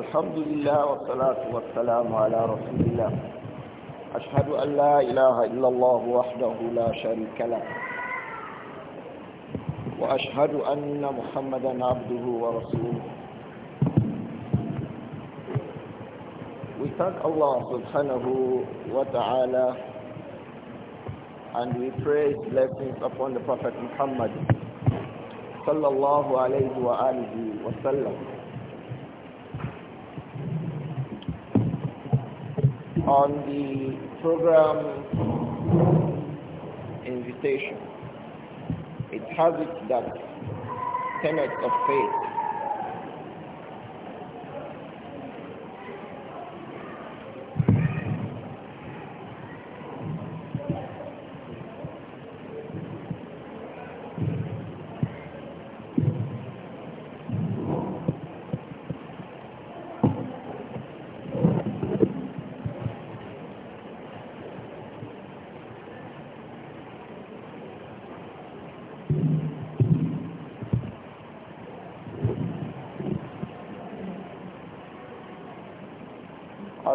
الحمد لله والصلاة والسلام على رسول الله أشهد أن لا إله إلا الله وحده لا شريك له وأشهد أن محمدا عبده ورسوله We thank Allah subhanahu wa ta'ala and we pray blessings upon the Prophet Muhammad sallallahu alayhi wa alihi wa sallam on the program invitation. It has it that tenets of faith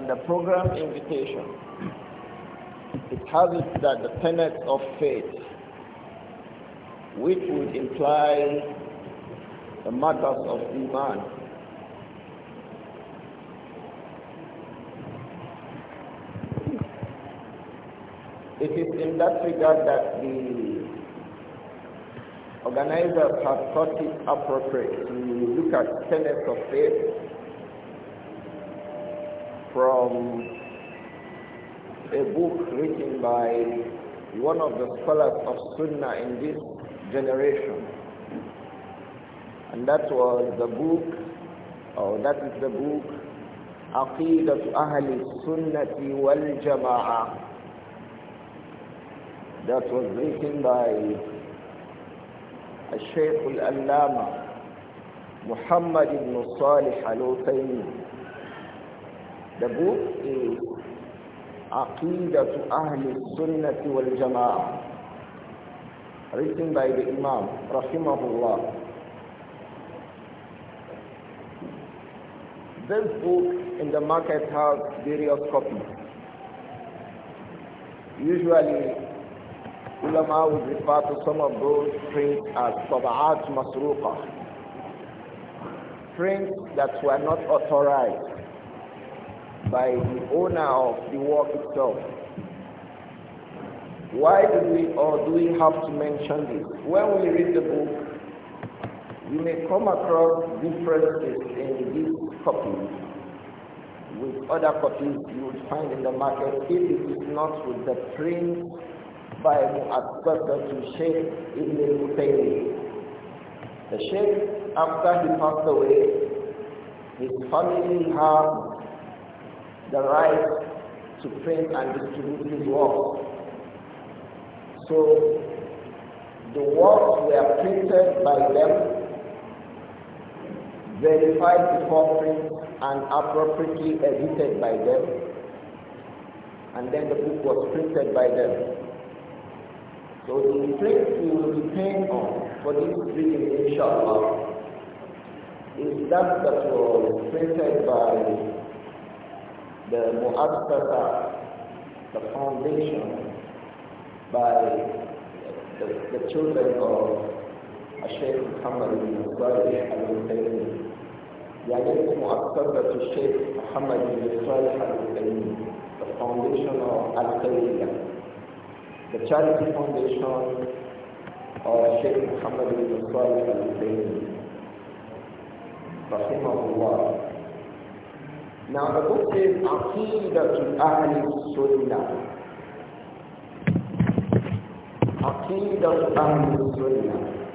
and the program invitation. It has it that the tenets of faith, which would imply the matters of Iman, It is in that regard that the organizers have thought it appropriate to look at tenets of faith from a book written by one of the scholars of Sunnah in this generation. And that was the book, or that is the book, Aqidat Ahli Sunnati wal Jama'ah. That was written by Shaykh al-Allama Muhammad ibn Salih al utaymi the book is Aqeedatu Ahli Sunnati wal Jama'ah written by the Imam Rahimahullah. This book in the market has various copies. Usually, ulama would refer to some of those prints as Taba'at Masruqa, prints that were not authorized by the owner of the work itself. Why do we or do we have to mention this? When we read the book, you may come across differences in this copy with other copies you would find in the market if it is not with the print by Mu'abbaqah to in the Mutaymi. The Sheikh, after he passed away, his family have the right to print and distribute his works. So the works were printed by them, verified before print and appropriately edited by them, and then the book was printed by them. So the place we will be paying on for this reading, inshallah, is that that was printed by the Mu'assasa, the foundation by the, the children of Sheikh Muhammad bin Salih al-Husayni. يعني Sheikh Muhammad محمد Salih Al الحسيني the foundation of Al-Qaeda the charity foundation of Sheikh Muhammad bin Salih al-Husayni رحمه الله now the book says Aqidatul Ahli Sunnah. Aqidatul Ahli Sunnah.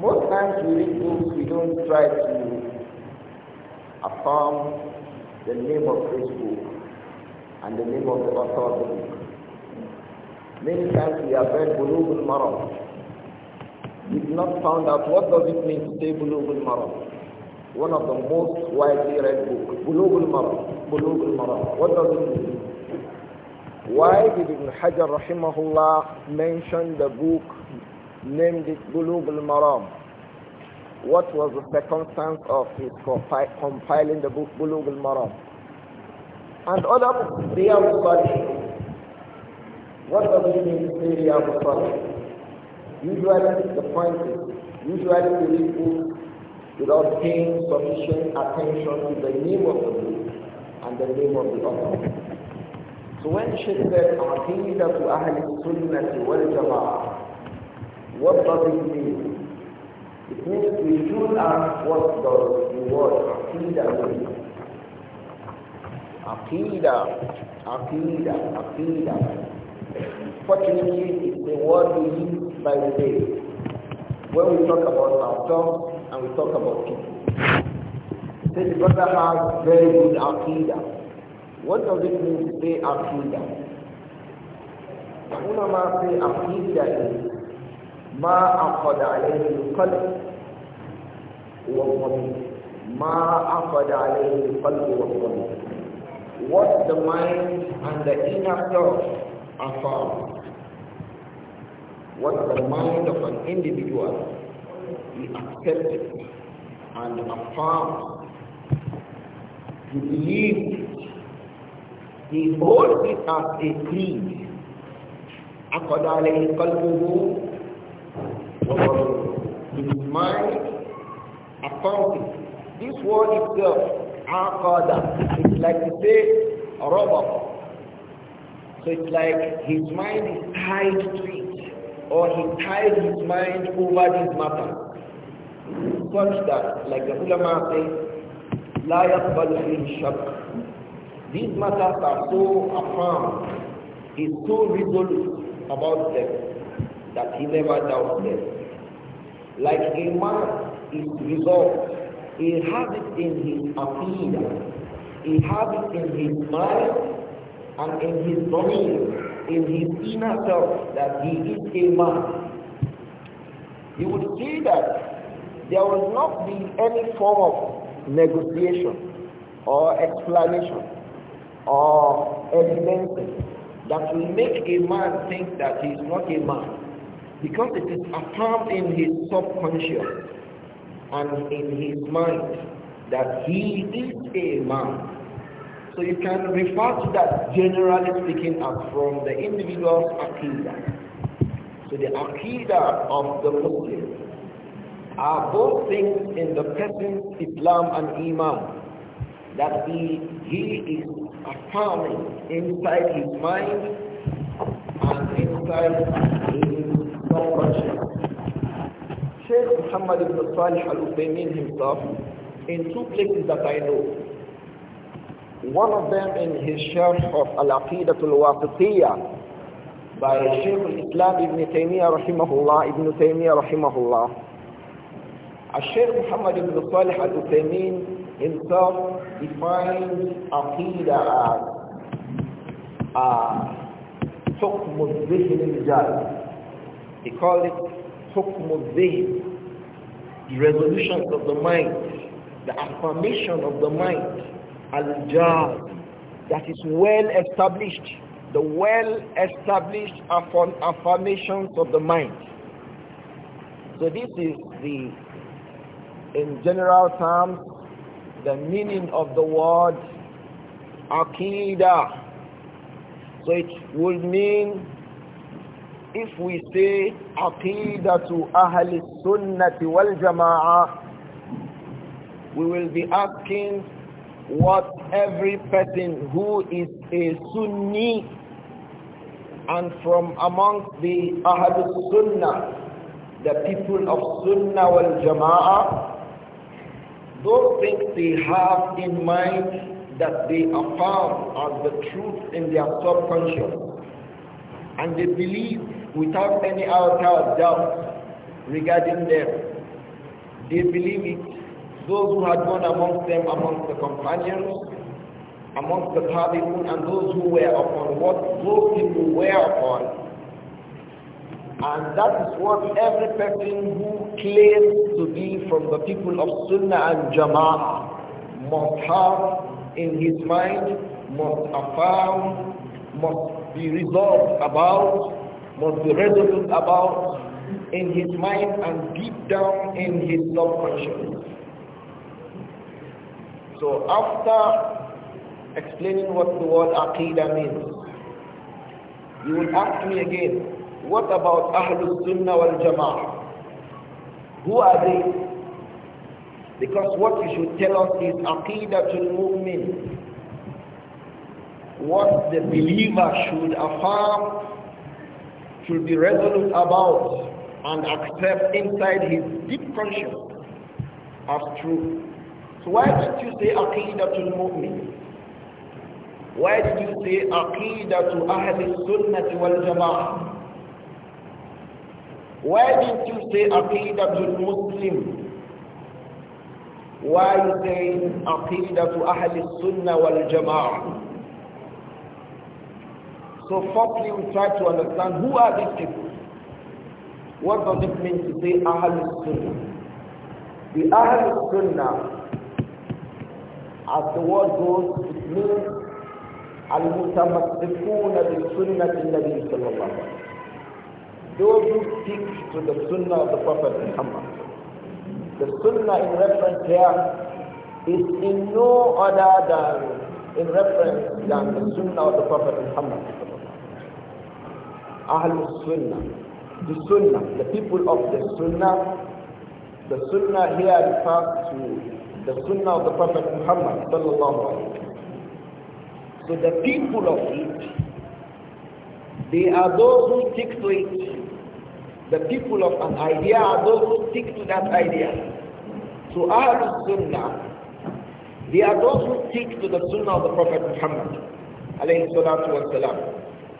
Most times we read books, we don't try to affirm the name of this book and the name of the author of the book. Many times we have read Bulugh al-Maram. We've not found out what does it mean to say Bulugh al-Maram one of the most widely read books, Bulugh al-Maram. maram What does it mean? Why did Ibn Hajar rahimahullah mention the book, named it Bulugh al-Maram? What was the circumstance of his compi compiling the book Bulugh al-Maram? And other books, Riyam al What does it mean to say Riyam al Usually the point is, usually we read books without paying sufficient attention to the name of the book and the name of the author. So when she said, Aqidah to Ahl Sunnah wal Jama'ah, what does it mean? It means we should ask what does the word Aqidah mean? Aqidah, Aqidah, Aqidah. Fortunately, it's the word we use by the day. When we talk about ourselves, and we talk about people. Say the brother has very good akida. What does it mean to say akida? The ulama say akida is ما عقد عليه القلب والضمير ما عقد عليه القلب والضمير what the mind and the inner self are found what the mind of an individual be accepted and affirmed. You believe it. He holds it as a creed. أقد عليه قلبه وبصره. His mind accounting. This word itself, عقد, it's like to say rubber. So it's like his mind is tied to it, or he tied his mind over this matter such that, like the ulama say, لا يقبل in شك. These matters are so affirmed, he's so resolute about them that he never doubts them. Like a man is resolved, he has it in his opinion, he has it in his mind and in his body, in his inner self that he is a man. You would see that there will not be any form of negotiation or explanation or evidence that will make a man think that he is not a man because it is affirmed in his subconscious and in his mind that he is a man. So you can refer to that generally speaking as from the individual's akida, So the akida of the Muslim are both things in the present Islam and Imam. That he, he is affirming inside his mind and inside his subconscious. Sheikh Muhammad ibn Salih al-Uthaymeen himself in two places that I know. One of them in his Sharh of Al-Aqidatul Waqitiyah by Sheikh al-Islam ibn Taymiyyah rahimahullah, ibn Taymiyyah rahimahullah. Sheikh Muhammad ibn Salih al-Uthaymeen himself defines Aqidah as حكم الذهن الجاري he called it حكم الذهن the resolutions of the mind the affirmation of the mind الجاري that is well established the well established affirmations of the mind so this is the in general terms the meaning of the word aqidah. So it would mean if we say to ahli sunnati wal jama'ah we will be asking what every person who is a sunni and from among the ahli sunnah the people of sunnah wal jama'ah those things they have in mind that they affirm as the truth in their subconscious and they believe without any outer doubt regarding them. They believe it. Those who had gone amongst them, amongst the companions, amongst the Tabi'un, and those who were upon what those people were upon, and that is what every person who claims to be from the people of Sunnah and Jama'ah must have in his mind, must affirm, must be resolved about, must be resolute about in his mind and deep down in his subconscious. So after explaining what the word Aqidah means, you will ask me again, what about Ahlul Sunnah wal Jama'ah? Who are they? Because what you should tell us is Aqidatul Mu'min. What the believer should affirm, should be resolute about, and accept inside his deep conscience as true. So why did you say Aqidatul Mu'min? Why did you say Aqidatul Ahli Sunnah wal Jama'ah? Why didn't you say Aqidatul Muslim? Why you saying say Aqidatu Ahl Sunnah wal Jama'ah? So firstly we try to understand who are these people? What does it mean to say Ahl Sunnah? The Ahl Sunnah, as the word goes, it means al Sunnah bi sunnati Nabi sallallahu alayhi wa those who stick to the sunnah of the Prophet Muhammad. The sunnah in reference here is in no other than in reference than the sunnah of the Prophet Muhammad. Ahlul Sunnah. The Sunnah, the people of the Sunnah. The Sunnah here refers to the Sunnah of the Prophet Muhammad sallallahu alaihi So the people of it, they are those who stick to it. The people of an idea are those who stick to that idea. So Ahlul Sunnah, they are those who stick to the Sunnah of the Prophet Muhammad.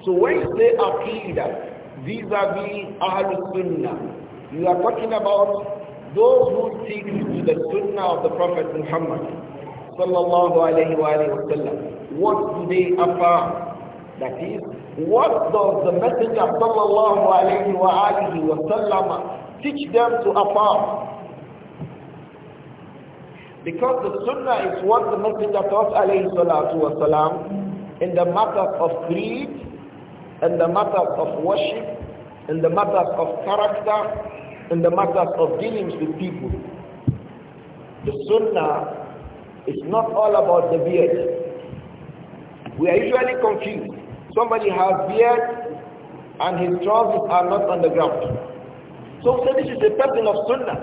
So when you say Aqidah, vis-a-vis Ahlul Sunnah, you are talking about those who stick to the Sunnah of the Prophet Muhammad. Sallallahu alaihi wasallam. What do they affirm? That is, what does the Messenger of Allah teach them to affirm? Because the Sunnah is what the Messenger taught alayhi salatu wasalam in the matter of creed, in the matter of worship, in the matter of character, in the matter of dealings with people. The Sunnah is not all about the beard. We are usually confused. Somebody has beard and his trousers are not on the ground. So say this is a person of sunnah.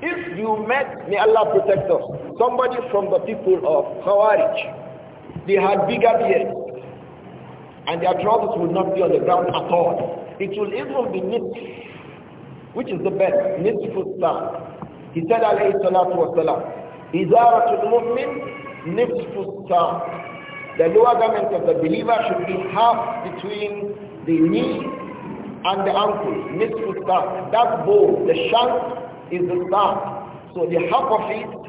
If you met, may Allah protect us, somebody from the people of Khawarij, they had bigger beards and their trousers will not be on the ground at all. It will even be knit, which is the best, knit Islam. He said, alayhi salatu wasalam, إِذَارَةُ الْمُؤْمِنِ نِفْسُ السَّاعِ the lower garment of the believer should be half between the knee and the ankle, nisfu sack. That bone, the shank is the sack. So the half of it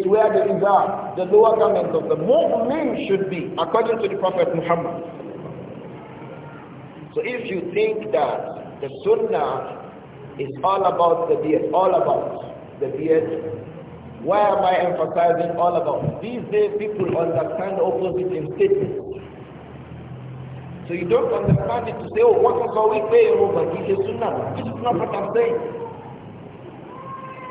is where the izar, the lower garment of the mu'min should be, according to the Prophet Muhammad. So if you think that the sunnah is all about the beard, all about the beard, why am I emphasizing all about? These days people understand opposite in statement. So you don't understand it to say, oh, what was we praying over? This is sunnah. This is not what I'm saying.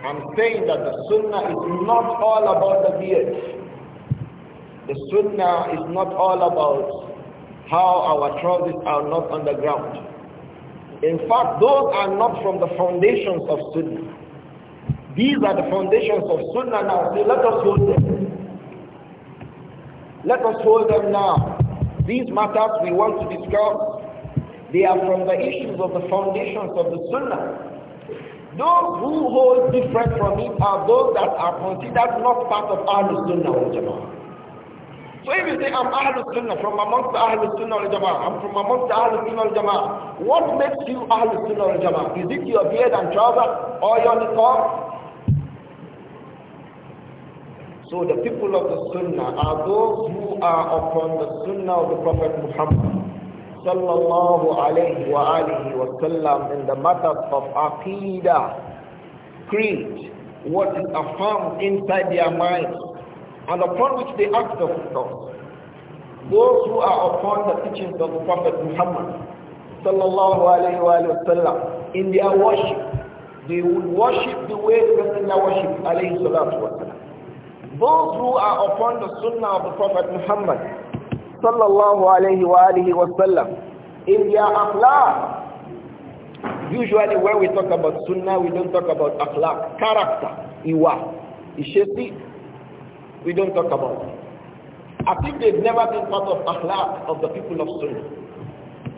I'm saying that the sunnah is not all about the beard. The sunnah is not all about how our trousers are not on the ground. In fact, those are not from the foundations of sunnah. These are the foundations of Sunnah now. let us hold them. Let us hold them now. These matters we want to discuss, they are from the issues of the foundations of the Sunnah. Those who hold different from it are those that are considered not part of Ahlul Sunnah wal Jama'ah. So if you say I'm Ahlul Sunnah from amongst the Ahlul Sunnah wal Jama'ah, I'm from amongst the Ahlul Sunnah wal Jama'ah, what makes you Ahlul Sunnah wal Jama'ah? Is it your beard and trousers or your niqab so the people of the Sunnah are those who are upon the Sunnah of the Prophet Muhammad sallallahu alayhi wa alihi wa sallam in the matters of aqidah, creed, what is affirmed inside their minds and upon which they act of themselves. Those who are upon the teachings of the Prophet Muhammad sallallahu alayhi wa sallam in their worship, they would worship the way the Prophet worshipped alayhi salatu wa those who are upon the sunnah of the Prophet Muhammad sallallahu alayhi wa alihi wasallam in their akhlaq. Usually when we talk about sunnah, we don't talk about akhlaq, character, iwa, ishesi. We don't talk about it. I think they've never been part of akhlaq of the people of sunnah.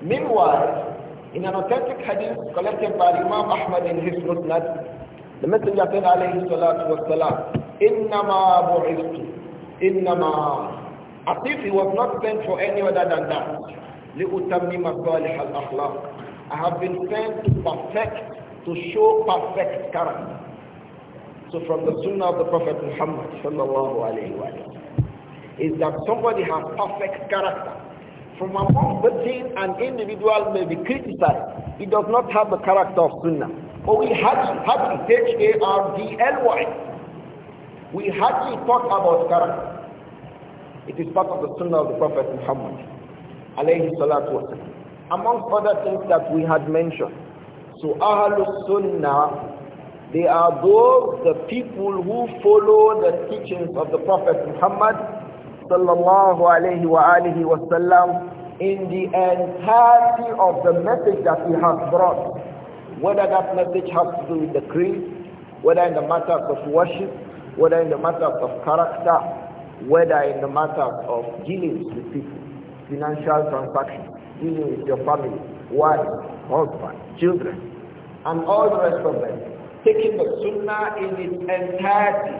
Meanwhile, in an authentic hadith collected by Imam Ahmad in his Musnad, the Messenger said alayhi salatu wasalam, Innama bu'istu. Innama. As if he was not sent for any other than that. لِأُتَمِّمَ صَالِحَ الْأَخْلَاقِ I have been sent to perfect, to show perfect character. So from the sunnah of the Prophet Muhammad sallallahu alayhi wa is that somebody has perfect character. From among the things an individual may be criticized, he does not have the character of sunnah. Oh, we had had H-A-R-D-L-Y. We hardly talk about character. It is part of the sunnah of the Prophet Muhammad alayhi salatu wasalam. Amongst other things that we had mentioned. So Ahlul Sunnah, they are those, the people who follow the teachings of the Prophet Muhammad sallallahu alayhi wa alihi wasallam in the entirety of the message that he has brought. Whether that message has to do with the creed, whether in the matters of worship, whether in the matters of character, whether in the matters of dealing with people, financial transactions, dealing with your family, wife, husband, children, and all the rest of them. Taking the sunnah in its entirety.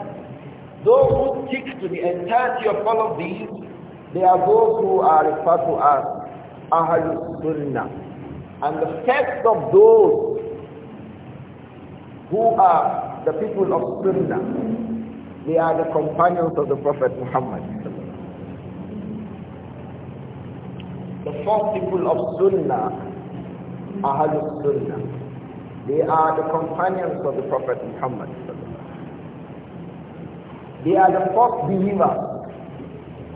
Those who stick to the entirety of all of these, they are those who are referred to as Ahlul Sunnah. And the first of those who are the people of Sunnah, they are the companions of the Prophet Muhammad. The four people of Sunnah are Ahlul Sunnah. They are the companions of the Prophet Muhammad. They are the first believers.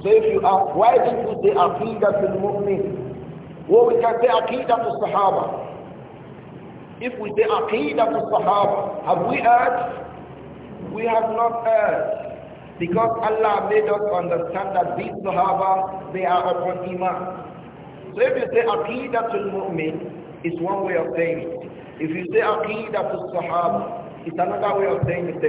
So if you ask, why did you say Aqidah al-Mu'min? Well, we can say Aqidah al-Sahaba. If we say Aqidah al-Sahaba, have we heard we have not heard Because Allah made us understand that these Sahaba, they are upon Iman. So if you say Aqidatul Mu'min, it's one way of saying it. If you say Aqidatul Sahaba, it's another way of saying it.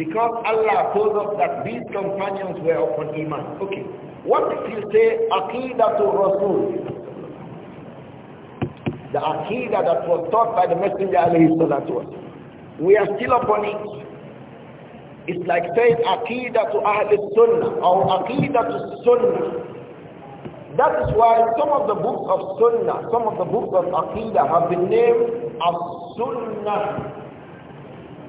Because Allah told us that these companions were upon Iman. Okay. What if you say Aqidatul Rasul? The Aqidah that was taught by the Messenger alayhi salatu We are still upon it. It's like saying Aqidah to Ahl Sunnah or Aqidah to Sunnah. That is why some of the books of Sunnah, some of the books of Aqidah have been named as Sunnah.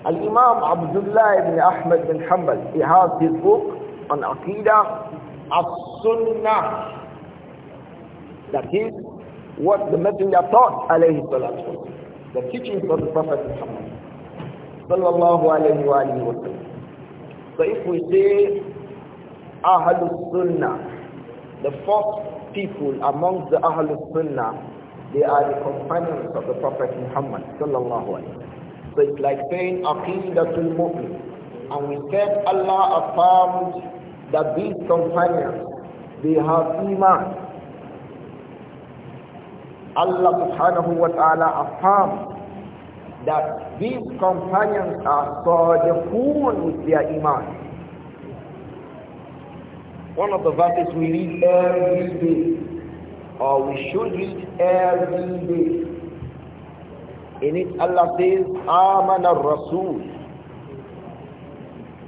Al-Imam Abdullah ibn Ahmad bin Hanbal, he has his book on Aqidah as Sunnah. That is what the Messenger taught, alayhi salatu the teachings of the Prophet Muhammad sallallahu alayhi wa so if we say Ahlul Sunnah, the first people amongst the Ahlul Sunnah, they are the companions of the Prophet Muhammad sallallahu alaihi wasallam. So it's like saying Aqidatul Mu'min. And we said Allah affirmed that these companions, they have Iman. Allah subhanahu wa ta'ala affirmed that these companions are fool with their iman. One of the verses we read every day, or we should read every day. In it Allah says, Aman al-Rasul.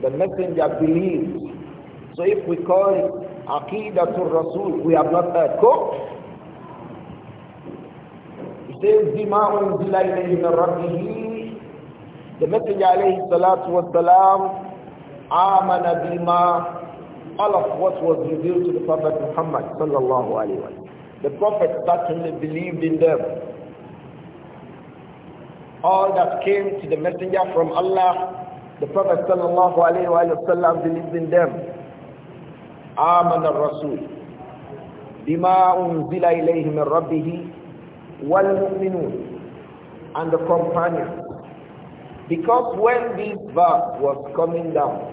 The messenger believes. So if we call it Aqidatul Rasul, we have not heard. Go says, بِمَا أُنزِلَ إِلَيْهِ مِنْ رَبِّهِ The Messenger alayhi salatu was salam, آمَنَ All of what was revealed to the Prophet Muhammad sallallahu alayhi wa The Prophet certainly believed in them. All that came to the Messenger from Allah, the Prophet sallallahu alayhi wa sallam believed in them. آمَنَ الرَّسُولُ بِمَا أُنزِلَ إِلَيْهِ مِنْ رَبِّهِ والمؤمنون and the companions. Because when this verse was coming down,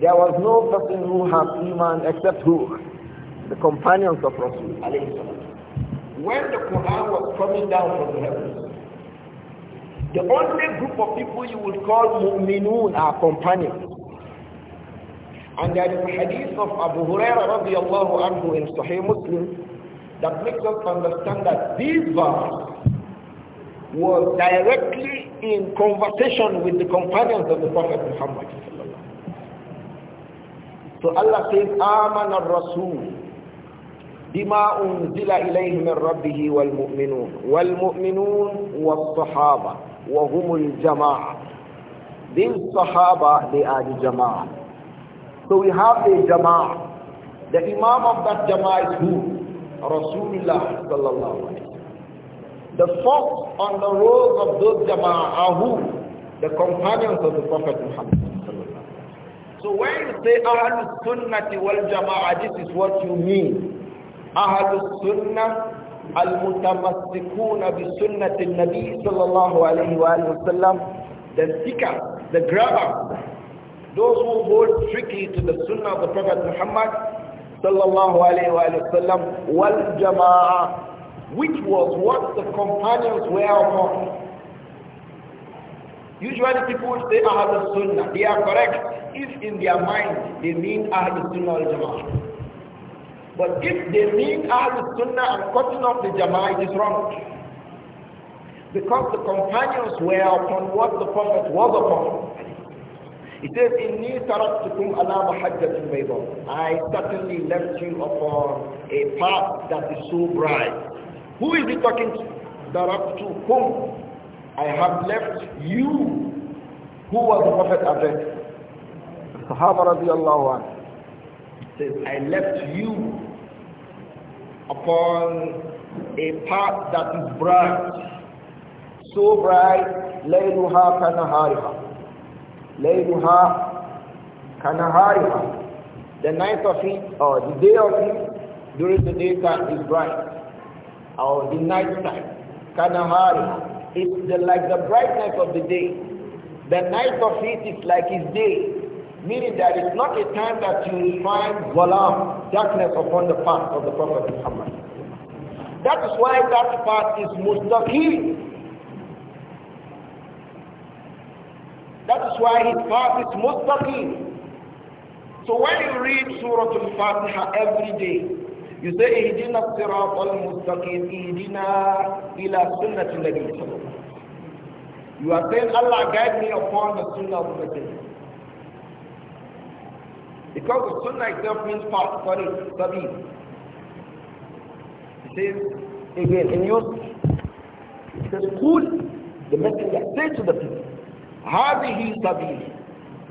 there was no person who had Iman except who? The companions of Rasul. When the Quran was coming down from the heavens, the only group of people you would call mu'minun are companions. And there is a hadith of Abu Hurairah radiallahu anhu in Sahih Muslim that makes us understand that this verse was directly in conversation with the companions of the Prophet Muhammad. So Allah says, Aman al-Rasul بما أنزل إليه من ربه والمؤمنون والمؤمنون والصحابة وهم الجماعة These Sahaba, they are the Jama'ah. So we have the Jama'ah. The Imam of that Jama'ah is who? Rasulullah sallallahu alayhi the fox on the rows of those jama'ah the companions of the Prophet Muhammad So when you say Ahlul Sunnati wal Jama'ah, this is what you mean. Ahlul Sunnah al-mutamassikuna bi sunnati nabi sallallahu alayhi wa sallam the seeker, the grabber, those who hold strictly to the sunnah of the Prophet Muhammad sallallahu alayhi wa sallam wal jama'ah which was what the companions were upon. Usually people say Ahlul Sunnah. They are correct if in their mind they mean Ahlul Sunnah al Jama'ah. But if they mean Ahlul Sunnah and cutting off the Jama'ah, it is wrong. Because the companions were upon what the Prophet was upon. It says, إِنِّي تَرَكْتُكُمْ Allah مَحَجَّةٍ بَيْضَةٍ I certainly left you upon a path that is so bright. Who is he talking to? whom? I have left you. Who was the Prophet addressed? Sahaba radiallahu anhu. Says, I left you upon a path that is bright. So bright, لَيْلُهَا كَنَهَارِهَا Layluha kanahariha. The night of it, or the day of it, during the daytime is bright. Or the night time. Kanahariha. It's the, like the brightness of the day. The night of it is like its day. Meaning that it's not a time that you will find zalam, darkness upon the path of the Prophet Muhammad. That is why that path is mustaqim. That is why his path is mustaqim. So when you read Surah Al-Fatiha every day, you say, Ihdina sirat al-mustaqim, Ihdina ila sunnati nabi You are saying, Allah guide me upon the sunnah of the Messenger. Because the sunnah itself means path, sorry, sabi. It says, again, in Yusuf, it says, cool, the messenger say to the people, هذه سبيلي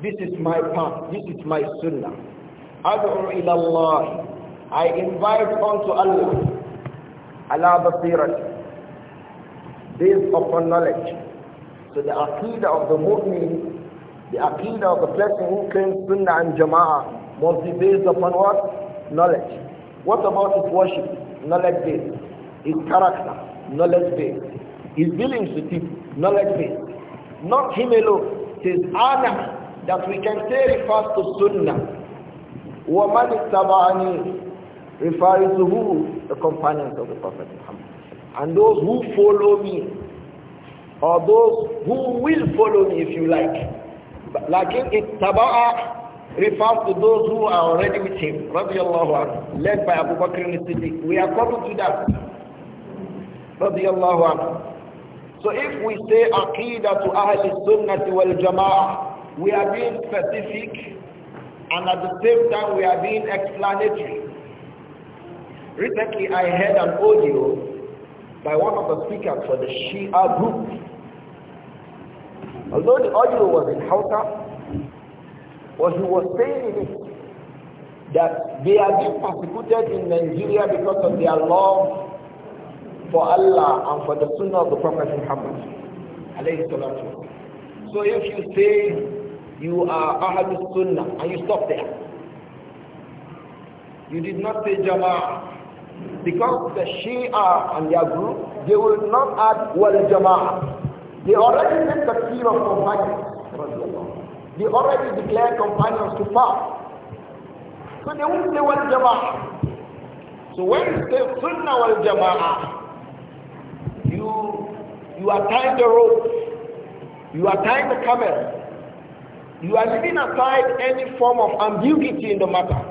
This is my path. This is my sunnah. أدعو إلى الله. I invite unto Allah. the بصيرة. Based upon knowledge. So the aqidah of the mu'min, the aqidah of the person who claims sunnah and jama'ah must be based upon what? Knowledge. What about his worship? Knowledge based. His character? Knowledge based. His dealings with people? Knowledge based. Not him alone. It is ana that we can say refers to sunnah. وَمَنِ اتَّبَعَنِي refers to who? The companions of the Prophet Muhammad. And those who follow me, or those who will follow me if you like. Like in tabaa refers to those who are already with him, radiallahu anhu, led by Abu Bakr al-Siddiq. We are coming to that, radiallahu anhu. So if we say Aqidah to Ahl Sunnah wal Jama'ah, we are being specific and at the same time we are being explanatory. Recently I heard an audio by one of the speakers for the Shia group. Although the audio was in Hausa, what he was saying in it that they are being persecuted in Nigeria because of their love for Allah and for the Sunnah of the Prophet Muhammad. So if you say you are Ahad Sunnah and you stop there, you did not say Jama'ah. Because the Shia and their group, they will not add wal Jama'ah. They already made the fear of companions. They already declared companions to pass. So they won't say wal Jama'ah. So when you say Sunnah wal Jama'ah, you are tying the rope. You are tying the camel. You are leaving aside any form of ambiguity in the matter.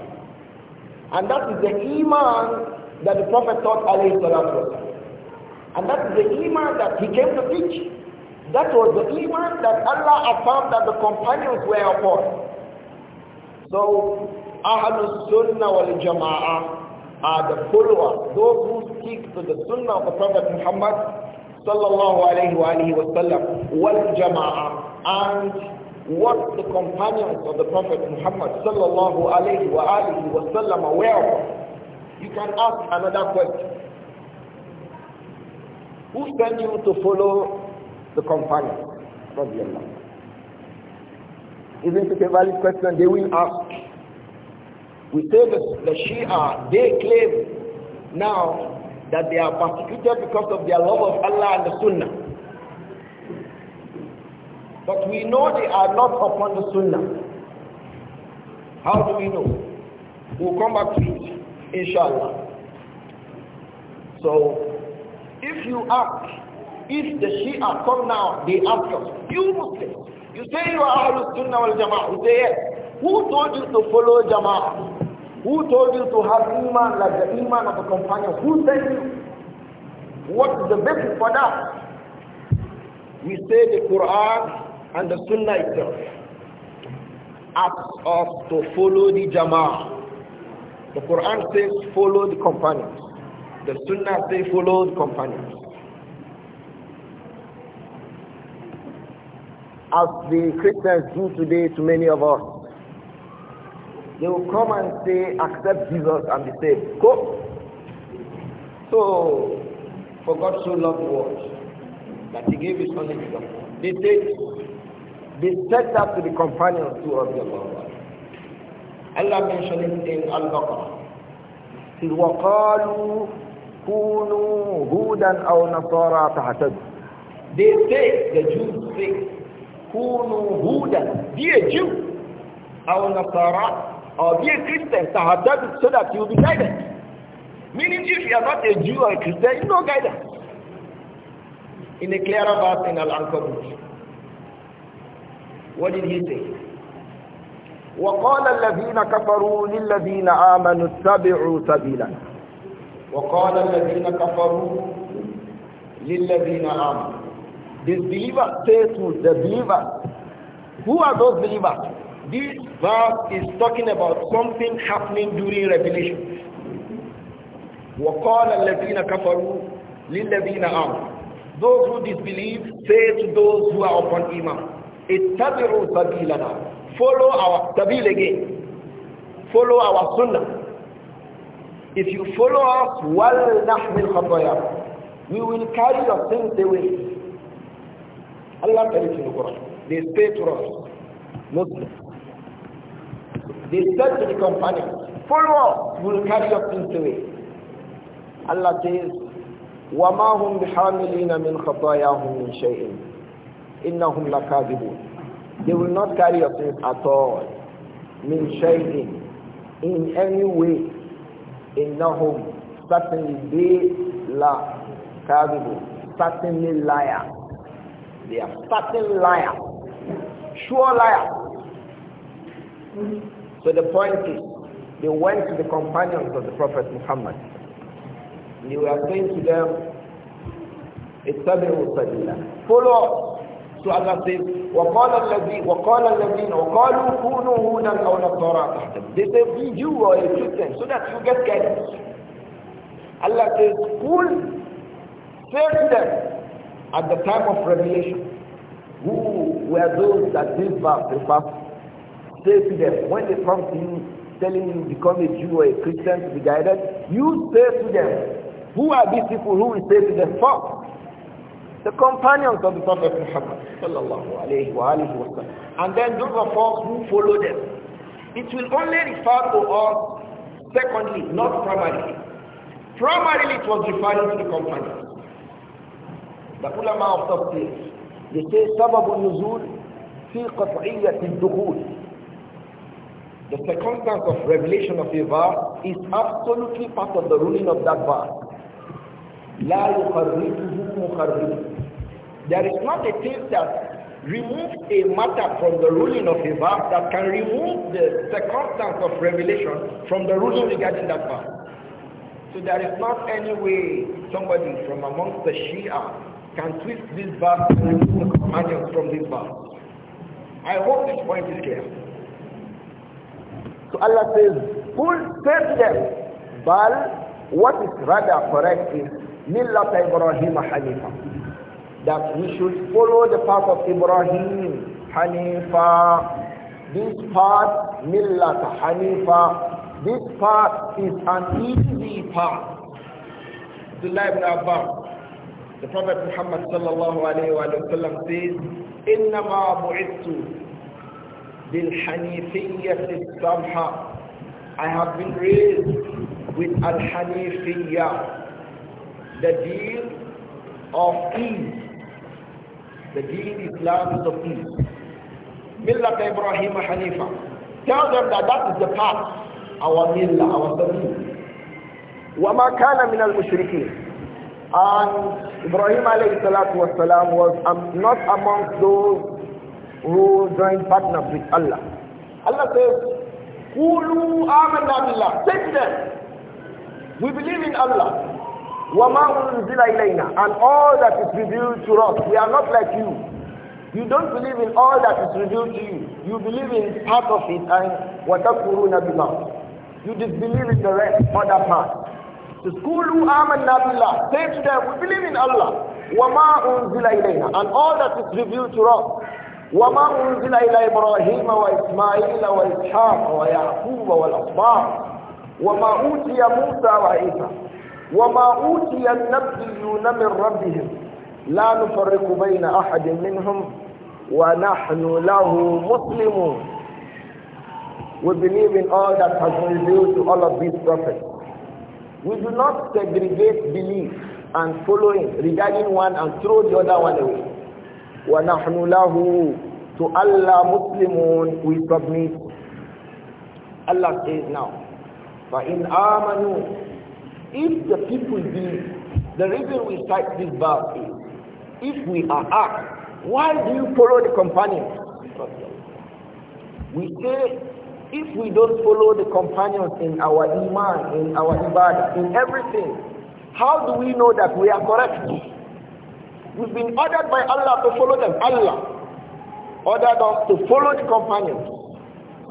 And that is the iman that the Prophet taught alayhi salatu And that is the iman that he came to teach. That was the iman that Allah affirmed that the companions were upon. So, Ahlul Sunnah wal Jama'ah are the followers, those who stick to the Sunnah of the Prophet Muhammad sallallahu alayhi wa alihi wa sallam wal and what the companions of the Prophet Muhammad sallallahu alayhi wa alihi wa sallam aware of. You can ask another question. Who sent you to follow the companions? Isn't it a valid question? They will ask. We say the, the Shia, they claim now that they are persecuted because of their love of Allah and the Sunnah. But we know they are not upon the Sunnah. How do we know? We'll come back to it, inshallah. So, if you ask, if the Shia come now, they ask us, you Muslims, you say you are Ahlul Sunnah wal Jama'ah. We say, yes. Who told you to follow Jama'ah? Who told you to have iman like the iman of a companion? Who sent you? What is the basis for that? We say the Quran and the Sunnah itself asks us to follow the Jama'ah. The Quran says follow the companions. The Sunnah says follow the companions. As the Christians do today to many of us, they will come and say, accept Jesus and be saved. Go. So, for God so loved the world that he gave his only Son. They said, they said that to the companions to of the Lord. Allah mentioned it in Al-Baqarah. He وَقَالُوا كُونُوا هُودًا أَوْ نَصَارَى تَهْتَدُوا They say, the Jews say, كُونُوا هُودًا Be a Jew. أَوْ نَصَارَى or be a Christian to have done so that you will be guided. Meaning if you are not a Jew or a Christian, you no guidance. In a clearer verse in Al-Ankabut. What did he say? وقال الذين كفروا للذين آمنوا اتبعوا سبيلنا وقال الذين كفروا للذين آمنوا These believers say to the believers, who are those believers? These that is talking about something happening during revelation. وَقَالَ الَّذِينَ كَفَرُوا لِلَّذِينَ آمَنُوا Those who disbelieve say to those who are upon Imam, اتَّبِعُوا سَبِيلَنَا Follow our Sabil again. Follow our Sunnah. If you follow us, وَلْنَحْمِلْ خَطَيَا We will carry your sins away. Allah tells you in the Quran. They say to us, Muslims, they said to the companion, follow us, we'll carry up into it." Allah says, وَمَا هُمْ بِحَامِلِينَ مِنْ خَطَايَاهُمْ مِنْ شَيْءٍ إِنَّهُمْ لَكَاذِبُونَ They will not carry your sins at all. مِنْ شَيْءٍ In any way. إِنَّهُمْ Certainly they la كَاذِبُونَ Certainly liar. They are certainly liars. Sure liars. So the point is, they went to the companions of the Prophet Muhammad. They were saying to them, اتبعوا سبيلا follow so Allah says وقال الذين وقال الذين وقالوا كونوا هودا أو نصارى تحتم they say be Jew or a Christian so that you get guidance Allah says قل say to them at the time of revelation who were those that this the refers say to them, when they come to you telling you become a Jew or a Christian to be guided, you say to them, who are these people who will say to them first? The companions of the Prophet Muhammad sallallahu alayhi wa alayhi wa And then those of us who follow them. It will only refer to us secondly, not primarily. Primarily it was referring to the companions. The ulama of tafsir, they say سبب النزول في قطعية الدخول the circumstance of revelation of a verse is absolutely part of the ruling of that verse. لا يخرجه مخرج. There is not a thing that removes a matter from the ruling of a verse that can remove the circumstance of revelation from the ruling regarding that verse. So there is not any way somebody from amongst the Shia can twist this verse and remove the companions from this verse. I hope this point is clear. So Allah says, Qul save them, but what is rather correct is, Millat Ibrahim Hanifa. That we should follow the path of Ibrahim Hanifa. This path, Millat Hanifa, this path is an easy path. The ibn Abbas, the Prophet Muhammad sallallahu alayhi wa sallam says, إِنَّمَا بُعِثْتُ بالحنيفية السمحة I have been raised with Al-Hanifiyya, the deal of peace. The deal is is of peace. Millat Ibrahim Hanifa. Tell them that that is the path, our millah, our sabil. وَمَا كَانَ مِنَ الْمُشْرِكِينَ and Ibrahim alayhi salatu was um, not amongst those who join partners with Allah. Allah says, Kulu amanna billah. to them. We believe in Allah. Wa unzila ilayna. And all that is revealed to us. We are not like you. You don't believe in all that is revealed to you. You believe in part of it and watakuruna billah. You disbelieve in the rest, other part. The school who amanna billah. Say to them, we believe in Allah. Wa unzila ilayna. And all that is revealed to us. وما أنزل إلى إبراهيم وإسماعيل وإسحاق ويعقوب والأصباط وما أوتي موسى وعيسى وما أوتي النبيون من ربهم لا نفرق بين أحد منهم ونحن له مسلمون We believe in all that has been revealed to all of these prophets. We do not segregate belief and following regarding one and throw the other one away. وَنَحْنُ لَهُ To Allah Muslimun we submit. Allah says now, فَإِنْ آمَنُوا If the people be the reason we cite this verse is, if we are asked, why do you follow the companions? We say, if we don't follow the companions in our iman, in our ibadah, in everything, how do we know that we are correct? We've been ordered by Allah to follow them. Allah ordered us to follow the companions.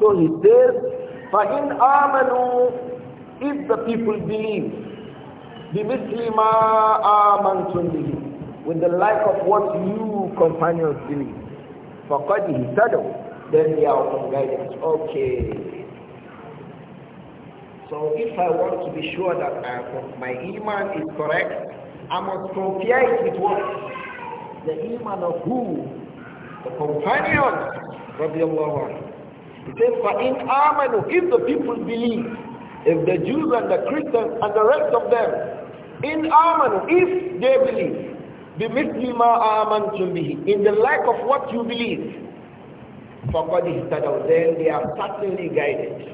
So he says, فَإِنْ آمَنُوا If the people believe, بِمِثْلِ مَا آمَنْتُمْ بِهِ With the like of what you companions believe. فَقَدْ اِهْتَدَوْا Then they are on guidance. Okay. So if I want to be sure that my iman is correct, I must confide it with what? The iman of who? The companion. Radiallahu He says, فَإِنْ آمَنُوا If the people believe, if the Jews and the Christians and the rest of them, in آمَنُوا If they believe, بِمِثْلِ مَا آمَنْتُمْ بِهِ In the like of what you believe, فَقَدْ اِهْتَدَوْا Then they are certainly guided.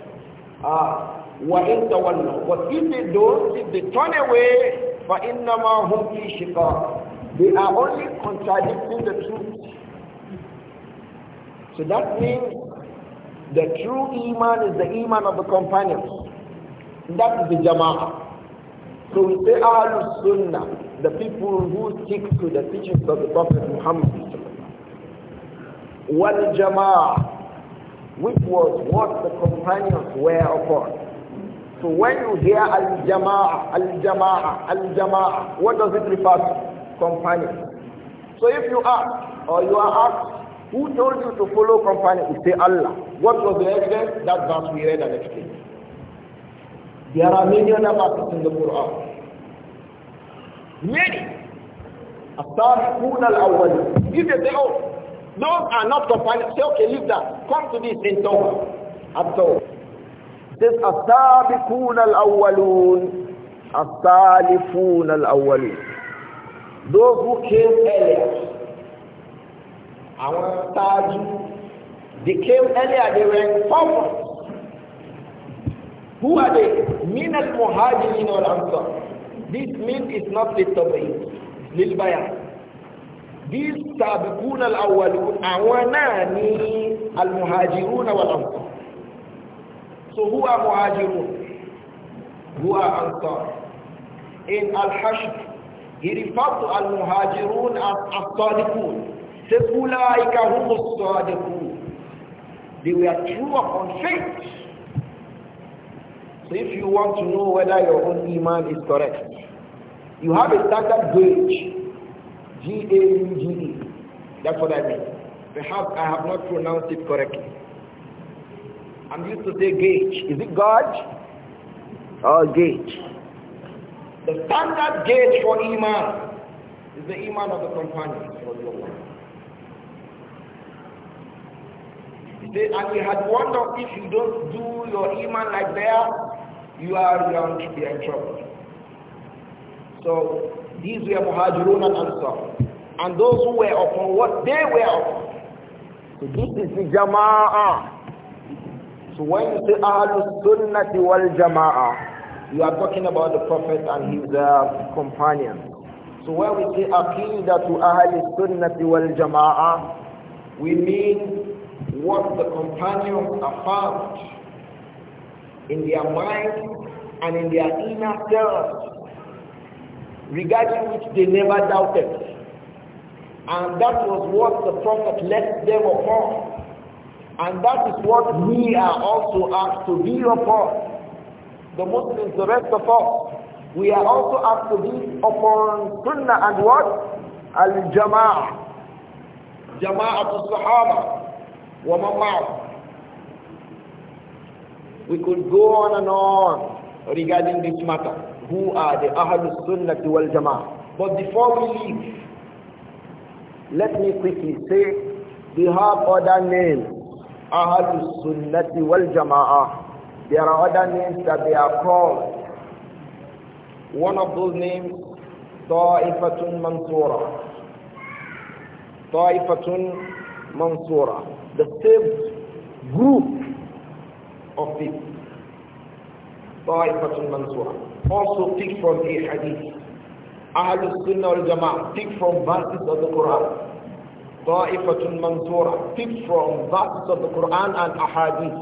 Ah, uh, وَإِنْ تَوَلَّوْا But if they don't, if they turn away, فَإِنَّمَا هُمْ فِي شِقَاقٍ They are only contradicting the truth. So that means the true iman is the iman of the companions. That is the jama'ah. So we say Ahlul Sunnah, the people who stick to the teachings of the Prophet Muhammad. Wal Jama'ah, which was what the companions were upon. So when you hear al jamaa al jamaa al jamaa what does it refer to? Companion. So if you ask, or you are asked, who told you to follow company? You say Allah. What was the evidence? That verse we read and explained. There are many other verses in the Quran. Many. السابقون الأولون. If they say, oh, those are not companions, say, okay, leave that. Come to this in Tawbah. At Tawbah. says السابقون الاولون السالفون الاولون as كيم al اوا those who came earlier àwọn وين they came earlier they were informed who are they min al-muhajirin ansar this min is not litabid lil bayan these sabiquna al-awwalun المهاجرون والأنصار ni al-muhajirun ansar So who are muhajirun? Who are ansar? In Al-Hashr, he referred to al-muhajirun as as-sadiqun. Sayyulaika hum as-sadiqun. They were true upon faith. So if you want to know whether your own iman is correct, you have a standard gauge, G-A-U-G-E. That's what I mean. Perhaps I have not pronounced it correctly. I'm used to say gauge. Is it gauge or gauge? The standard gauge for Iman is the Iman of the companions. They, and we had wonder if you don't do your Iman like that, you are going to be in trouble. So these were Muhajirun and Ansar. And those who were upon what they were upon. So this is the Jama'ah. So when you say Ahlul Sunnati wal Jama'a, you are talking about the Prophet and his uh, companions. So when we say to Ahlul Sunnati wal Jama'a, we mean what the companions affirmed in their mind and in their inner selves, regarding which they never doubted. And that was what the Prophet left them upon. And that is what we are also asked to be upon. The Muslims, the rest of us, we are also asked to be upon Sunnah and what? Al-Jama'ah. Jama'at al-Sahaba. Wa Mama'ah. We could go on and on regarding this matter. Who are the Ahlul Sunnah wal Jama'ah? But before we leave, let me quickly say, we have other names Ahlul Sunnati wal Jama'a. There are other names that they are called. One of those names, Ta'ifatun Mansura. Ta'ifatun Mansura. The saved group of people. Ta'ifatun Mansura. Also take from a hadith. Ahlul Sunnah wal Jama'a take from verses of the Quran. طائفة منصورة pick from verses of the Quran and Ahadith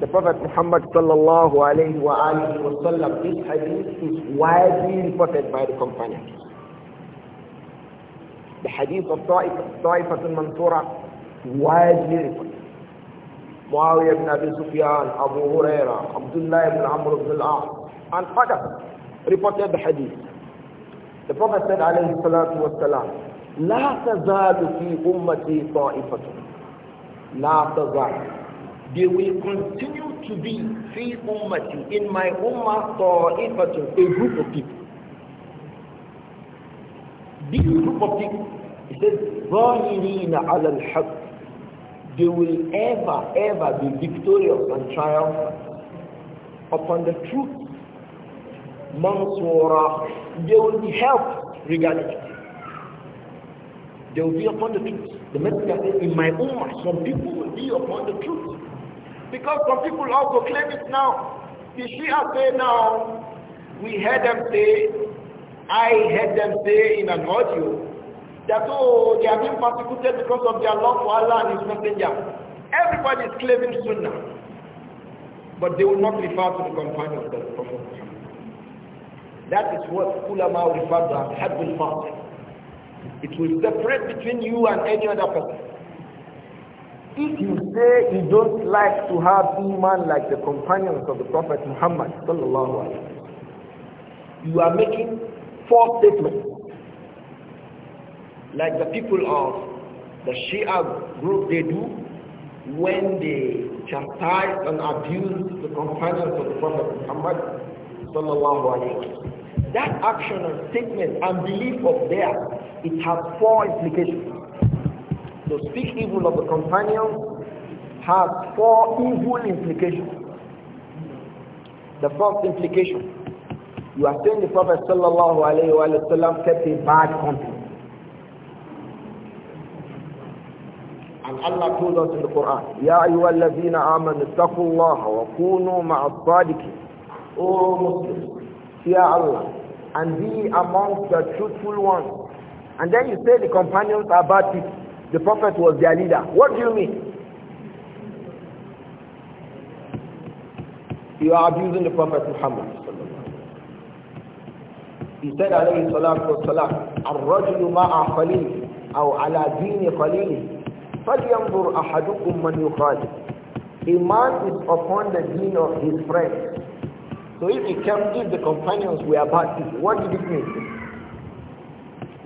the Prophet Muhammad sallallahu alayhi wa alihi wa sallam, this hadith is widely reported by the companions. The hadith of Ta'if al-Mansura, widely reported. Muawiyah ibn Abi Sufyan, Abu Huraira, Abdullah ibn Amr ibn al-As, and others reported the hadith. The Prophet said alayhi salatu wa sallam, لا تزال في أمتي طائفة لا تزال They will continue to be في أمتي in my ummah طائفة a group of people This group of people it says ظاهرين al-Haq. They will ever ever be victorious and triumphant upon the truth Mansoura they will be helped regarding it they will be upon the truth. The messenger in my ummah, some people will be upon the truth. Because some people also claim it now. The Shia say now, we heard them say, I heard them say in an audio, that oh, they are being persecuted because of their love for Allah and His Messenger. Everybody is claiming Sunnah. But they will not refer to the companions of the Prophet. That is what ulama refer to as Hadd al it will separate between you and any other person. If you say you don't like to have iman like the companions of the Prophet Muhammad sallallahu alaihi you are making false statements. Like the people of the Shia group they do when they chastise and abuse the companions of the Prophet Muhammad sallallahu alaihi That action and statement and belief of theirs it has four implications. To speak evil of the companions has four evil implications. The first implication, you are saying the Prophet sallallahu alayhi wa sallam kept a bad company. And Allah told us in the Quran, Ya ayyuhalladhina amanu taqullaha wa kunu ma'as-sadiqin. O Muslims, fear Allah and be amongst the truthful ones. And then you say the companions are bad people. The prophet was their leader. What do you mean? You are abusing the prophet Muhammad. He said alayhi salatu wasalam, الرجل مع خليل أو على دين خليله فلينظر أحدكم من يخالف. A man is upon the deen of his friend. So if he came, if the companions were bad people, what did it mean?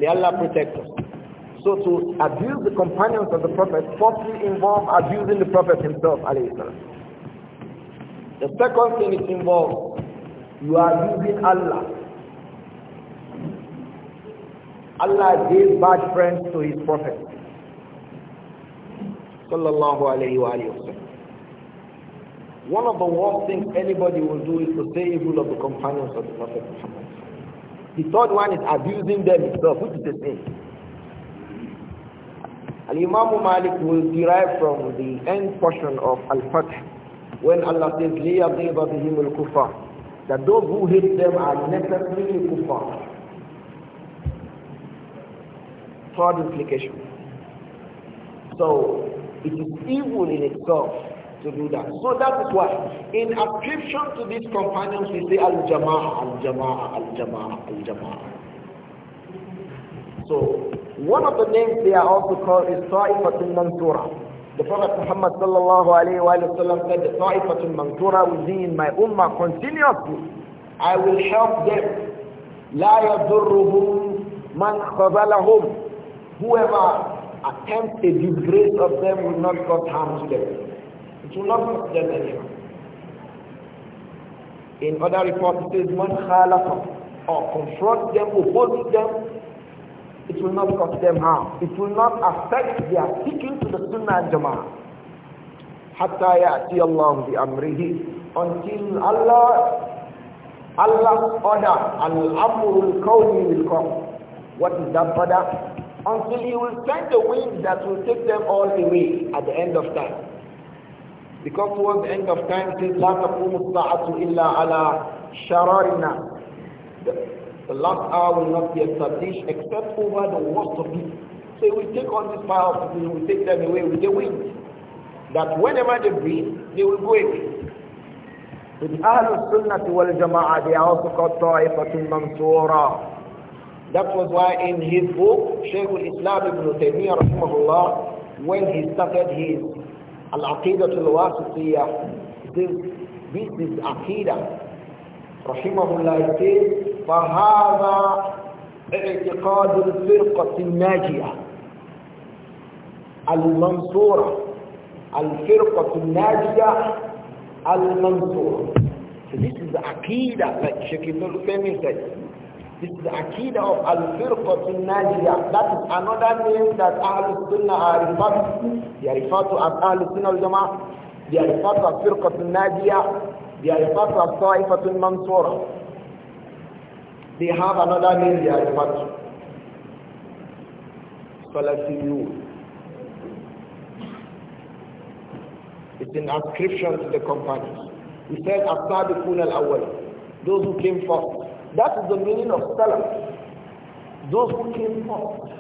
May Allah protect us. So to abuse the companions of the Prophet firstly involves abusing the Prophet himself, The second thing it involves, you are abusing Allah. Allah gave bad friends to his Prophet. Sallallahu alayhi wa One of the worst things anybody will do is to say evil of the companions of the Prophet Muhammad. The third one is abusing them itself, which is the same. Al-Imam Malik will derive from the end portion of Al-Fatih when Allah says, لِيَضِيبَ بِهِمُ kufa, That those who hate them are necessarily kufa. Third implication. So, it is evil in itself to do that. So that is why, in attribution to these companions, we say Al-Jama'ah, Al-Jama'ah, Al-Jama'ah, Al-Jama'ah. So, one of the names they are also called is Ta'ifatul Mansura. The Prophet Muhammad sallallahu alayhi wa sallam said, the Ta'ifatul Mansura will be in my ummah continuously. I will help them. لا يضرهم من خذلهم. Whoever attempts a disgrace of them will not cause harm to them. It will not consider the In other reports, it says, man or confront them, oppose them, it will not cause them harm. It will not affect their sticking to the Sunnah and Jama'ah. حتى يأتي الله بأمره until Allah Allah's order al-amrul kawni will come what is that order until he will send the wind that will take them all away at the end of time because towards the end of time, says, لَا تَقُومُ السَّاعَةُ إِلَّا عَلَى شَرَارِنَا the, the last hour will not be established except over the worst of people. So we take on this power of people, we take them away with the wind. That whenever they breathe, they will go away. With Ahlul Sunnah wal Jama'ah, they are also called Ta'ifatul Mansura. That was why in his book, Shaykh al-Islam ibn Taymiyyah when he started his العقيدة الواسطية this, this is عقيدة رحمه الله يقول فهذا اعتقاد الفرقة الناجية المنصورة الفرقة الناجية المنصورة so this is عقيدة like Sheikh Ibn Uthaymeen said This is the Aqidah of al al-nadia. Najiyah. That is another name that Ahlul Sunnah are referred to. They are referred to as Ahlul Sunnah al-Jama'ah. They are referred to as al Najiyah. They are referred to as Ta'ifatul Mansura. They have another name they are referred to. Salafiyun. It's an inscription to the companions. We said, As-Sabiqun al-Awwal. Those who came first. That is the meaning of Salaf. Those who came first.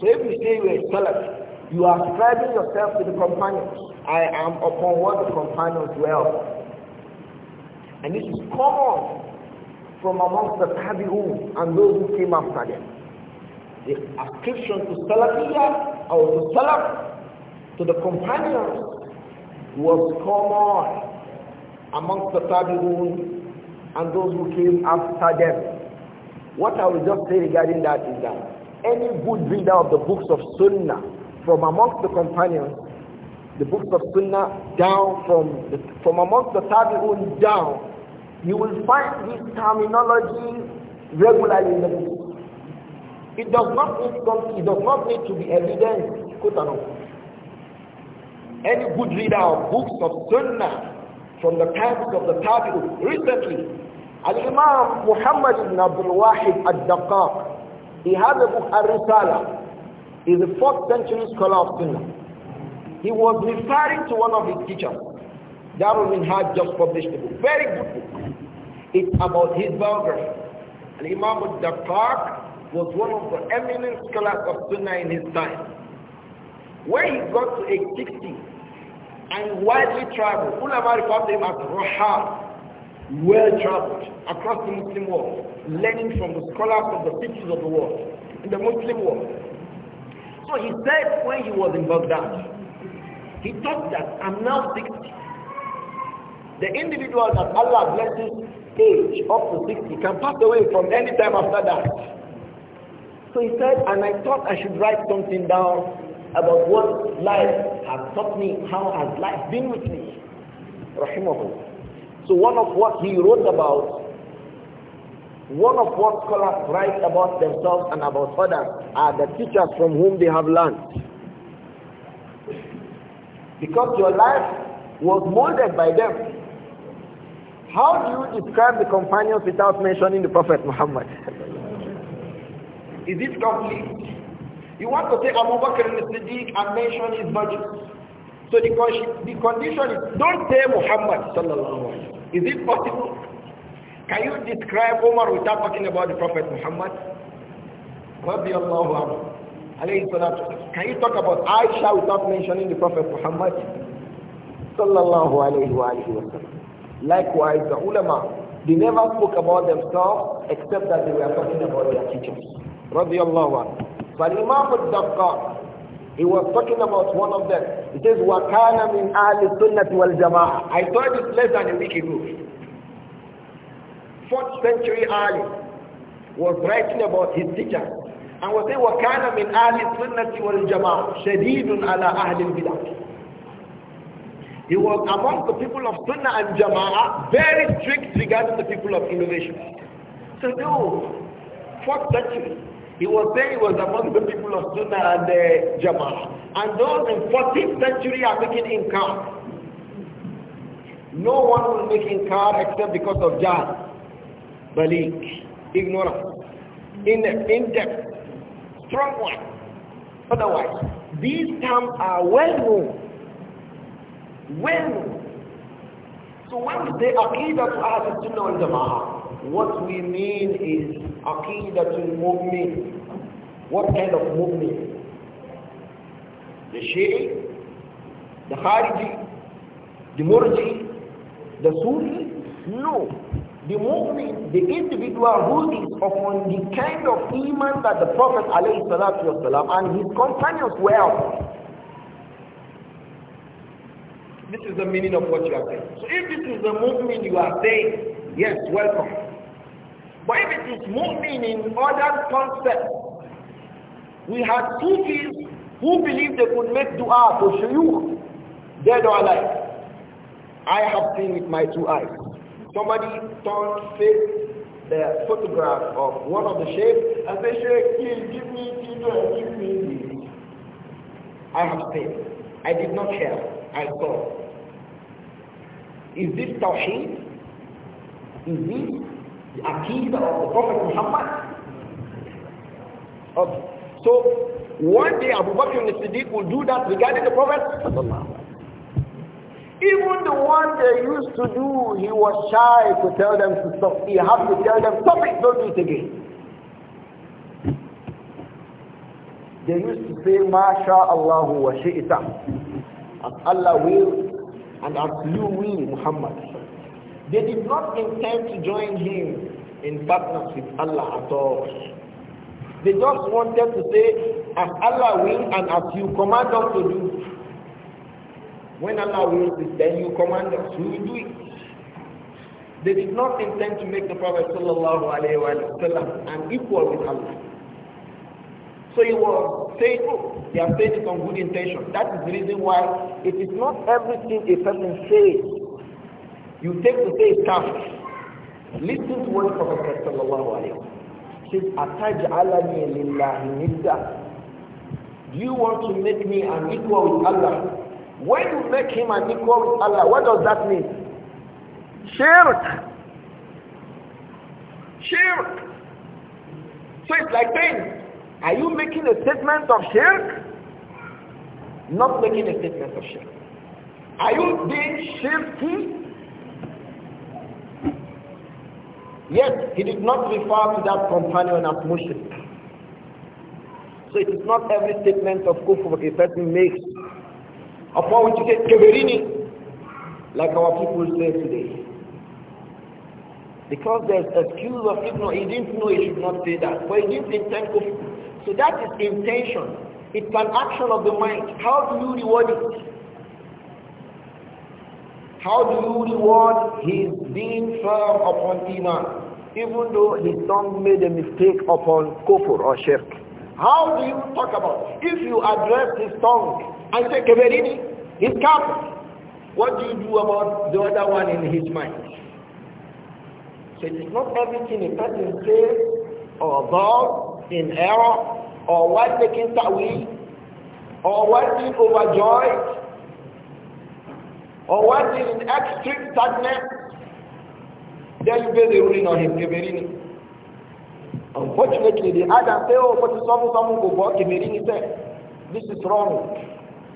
So if you say you are Salaf, you are ascribing yourself to the companions. I am upon what the companions were and this is common from amongst the Tabi'un and those who came after them. The ascription to Salafiyya or to Salaf, to the companions, was common amongst the Tabi'un and those who came after them. What I will just say regarding that is that any good reader of the books of Sunnah from amongst the companions, the books of Sunnah down from, the, from amongst the Tabi'un down, you will find this terminology regularly in the book. It does not need something, it does not need to be evident, quote unquote. Any good reader of books of Sunnah from the times of the Tabi'un recently Al-Imam Muhammad ibn Abdul Wahid al-Daqaq, he had a book, Al-Risala. He's a 4th century scholar of Sunnah. He was referring to one of his teachers. Darul had just published a book. Very good book. It's about his biography. Al-Imam al-Daqaq was one of the eminent scholars of Sunnah in his time. When he got to age 60 and widely traveled, ulama referred to him as Rahab, well traveled across the Muslim world, learning from the scholars of the teachers of the world, in the Muslim world. So he said when he was in Baghdad, he thought that I'm now 60. The individual that Allah blesses age up to 60 can pass away from any time after that. So he said, and I thought I should write something down about what life has taught me, how has life been with me. Rahimahullah. So one of what he wrote about, one of what scholars write about themselves and about others are the teachers from whom they have learned. Because your life was molded by them. How do you describe the companions without mentioning the Prophet Muhammad? Is it complete? You want to take Abu Bakr al-Siddiq and mention his virtues. So the, the condition is don't say Muhammad sallallahu Is it possible? Can you describe Omar without talking about the Prophet Muhammad? Can you talk about Aisha without mentioning the Prophet Muhammad? Sallallahu alayhi wa Likewise, the ulama, they never spoke about themselves except that they were talking about their teachers. Radiallahu anhu. So Imam al he was talking about one of them. He says, وَكَانَ مِنْ أَهْلِ السُنَّةِ وَالْجَمَاعَةِ I thought it less than a week ago. Fourth century Ali was writing about his teacher. And was saying, وَكَانَ مِنْ أَهْلِ السُنَّةِ وَالْجَمَاعَةِ شَدِيدٌ عَلَى أَهْلِ الْبِدَعِ He was among the people of Sunnah and Jama'ah, very strict regarding the people of innovation. So, no, fourth century, he was there. he was among the people of Sunnah and the uh, Jama'ah. And those in 14th century are making inkar. No one will make inkar except because of jahl, balik, ignorance, in, in depth, strong one. Otherwise, these terms are well known. Well known. So when we say Aqidah to Ahlul Sunnah wal Jama'ah, what we mean is aqidatul mu'min. What kind of mu'min? The Shi'i, the Khariji, the Murji, the Sufi? No. The mu'min, the individual who is upon the kind of iman that the Prophet ﷺ and his companions were upon. This is the meaning of what you are saying. So if this is the movement you are saying, yes, welcome. But if it is mu'min in modern concept, we had Sufis who believed they could make dua for shaykh dead or alive. I have seen with my two eyes. Somebody turned face the photograph of one of the sheikhs and said, Sheikh, give me children, give me this. I have seen. I did not care. I saw. Is this Tawheed? Is this the Aqidah of the Prophet Muhammad. Okay. So one day Abu Bakr al-Siddiq will do that regarding the Prophet. Even the one they used to do, he was shy to tell them to stop. He had to tell them, stop it, don't do it again. They used to say, Allahu wa shi'ita. As Allah will and as you will, Muhammad. They did not intend to join him in partnership with Allah at all. They just wanted to say, as Allah will and as you command us to do. When Allah wills it, then you command us, we will do it. They did not intend to make the Prophet sallallahu alayhi wa sallam an equal with Allah. So he was saying, oh, they are saying it on good intention. That is the reason why it is not everything a person says you take the same stuff. Listen to what the Prophet said sallallahu alayhi wa says, Do you want to make me an equal with Allah? When you make him an equal with Allah, what does that mean? Shirk. Shirk. So it's like saying, are you making a statement of shirk? Not making a statement of shirk. Are you being shirky? Yet, he did not refer to that companion as mushrik. So it is not every statement of kufr a person makes upon which you say keberini, like our people say today. Because there's excuse of Ibn, he didn't know he should not say that, but he didn't intend kufr. So that is intention. It's an action of the mind. How do you reward it? How do you reward his being firm upon Iman, even though his tongue made a mistake upon kufr or shirk? How do you talk about If you address his tongue and say, Keverini, he's kafir, what do you do about the other one in his mind? So it is not everything a person says or does in error or while making ta'wil or while being overjoyed or what is in extreme sadness, then you the reading on him, Kemerini. Unfortunately, the other say, oh, but someone, someone go back, Kemerini said, this is wrong.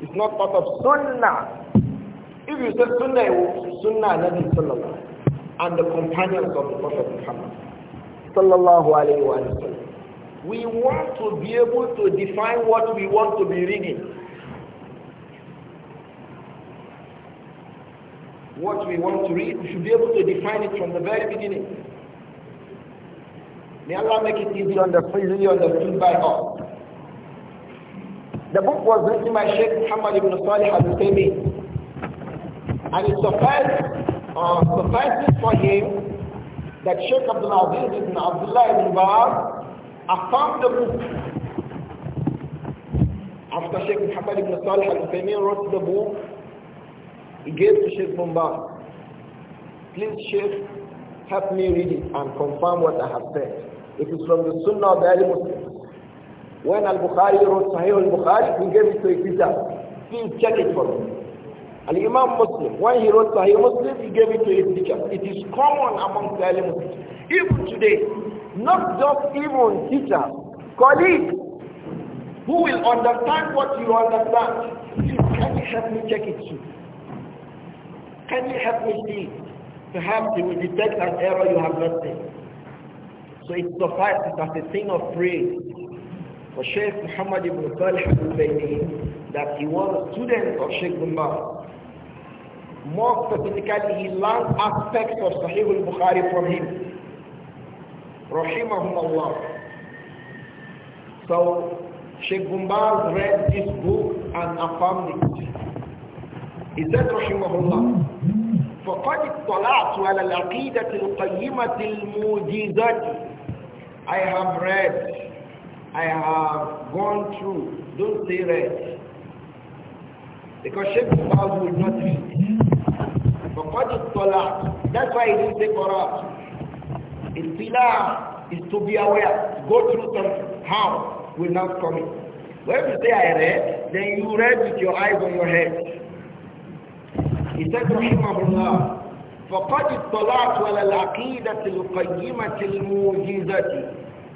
It's not part of Sunnah. If you say Sunnah, Sunnah, then Sallallahu and the companions of the Prophet Muhammad Sallallahu Alaihi Wasallam. We want to be able to define what we want to be reading. what we want to read, we should be able to define it from the very beginning. May Allah make it easy understood, easily understood by all. The book was written by Sheikh Muhammad ibn Salih al-Utaymi and it sufficed, uh, suffices for him that Sheikh Abdul Aziz ibn Abdullah ibn Ba'ad affirmed the book. After Sheikh Muhammad ibn Salih al-Utaymi wrote the book, he gave to Sheikh Mumbai. Please, Sheikh, help me read it and confirm what I have said. It is from the Sunnah of the early Muslims. When Al-Bukhari wrote Sahih al-Bukhari, he gave it to a Please check it for me. Al-Imam Muslim, when he wrote Sahih Muslim, he gave it to his teacher. It is common among the early Muslims. Even today, not just even teachers, colleagues, who will understand what you understand. Please, can you help me check it too? Can you help me see? Perhaps you will detect an error you have not seen. So it suffices as a thing of praise for Sheikh Muhammad ibn Khalil al that he was a student of Sheikh Gumbal. More specifically, he learned aspects of Sahih al-Bukhari from him. Rahimahumullah. So Sheikh Gumbaz read this book and affirmed it. He said, Rahimahullah, فقد اطلعت على العقيدة القيمة الموجزة I have read I have gone through don't say read because Sheikh Saud will not read فقد اطلعت that's why he didn't say Quran اطلاع is to be aware go through something how will not come in when you say I read then you read with your eyes on your head he said, Rahimahullah, فَقَدْ اطَّلَعْتُ عَلَى الْعَقِيدَةِ الْقَيِّمَةِ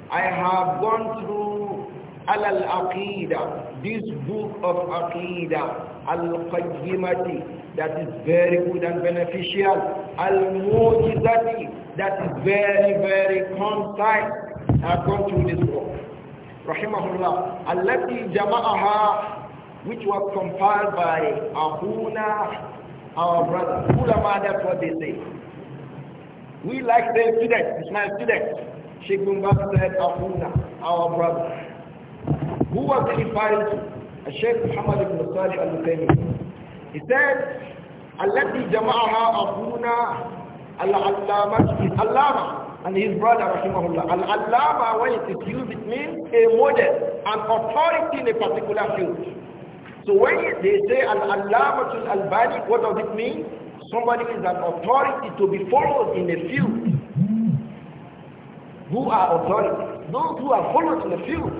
I have gone through al aqidah this book of aqidah al-qayyimati that is very good and beneficial al-mujizati that is very very concise I've gone through this book rahimahullah the jama'aha which was compiled by Abuna our brother, who the Ulama, that's what they say. We like their students, it's my students. Sheikh Mumbaz said, Ahuna, our brother. Who was he referring to? Sheikh Muhammad ibn Salih al-Husaymi. He said, التي جمعها أخونا العلامة Allama and his brother rahimahullah al-allama when it is used it means a model an authority in a particular field so when they say Al-Allamatul Albani, what does it mean? Somebody is an authority to be followed in a field. Who are authorities? Those who are followed in a field.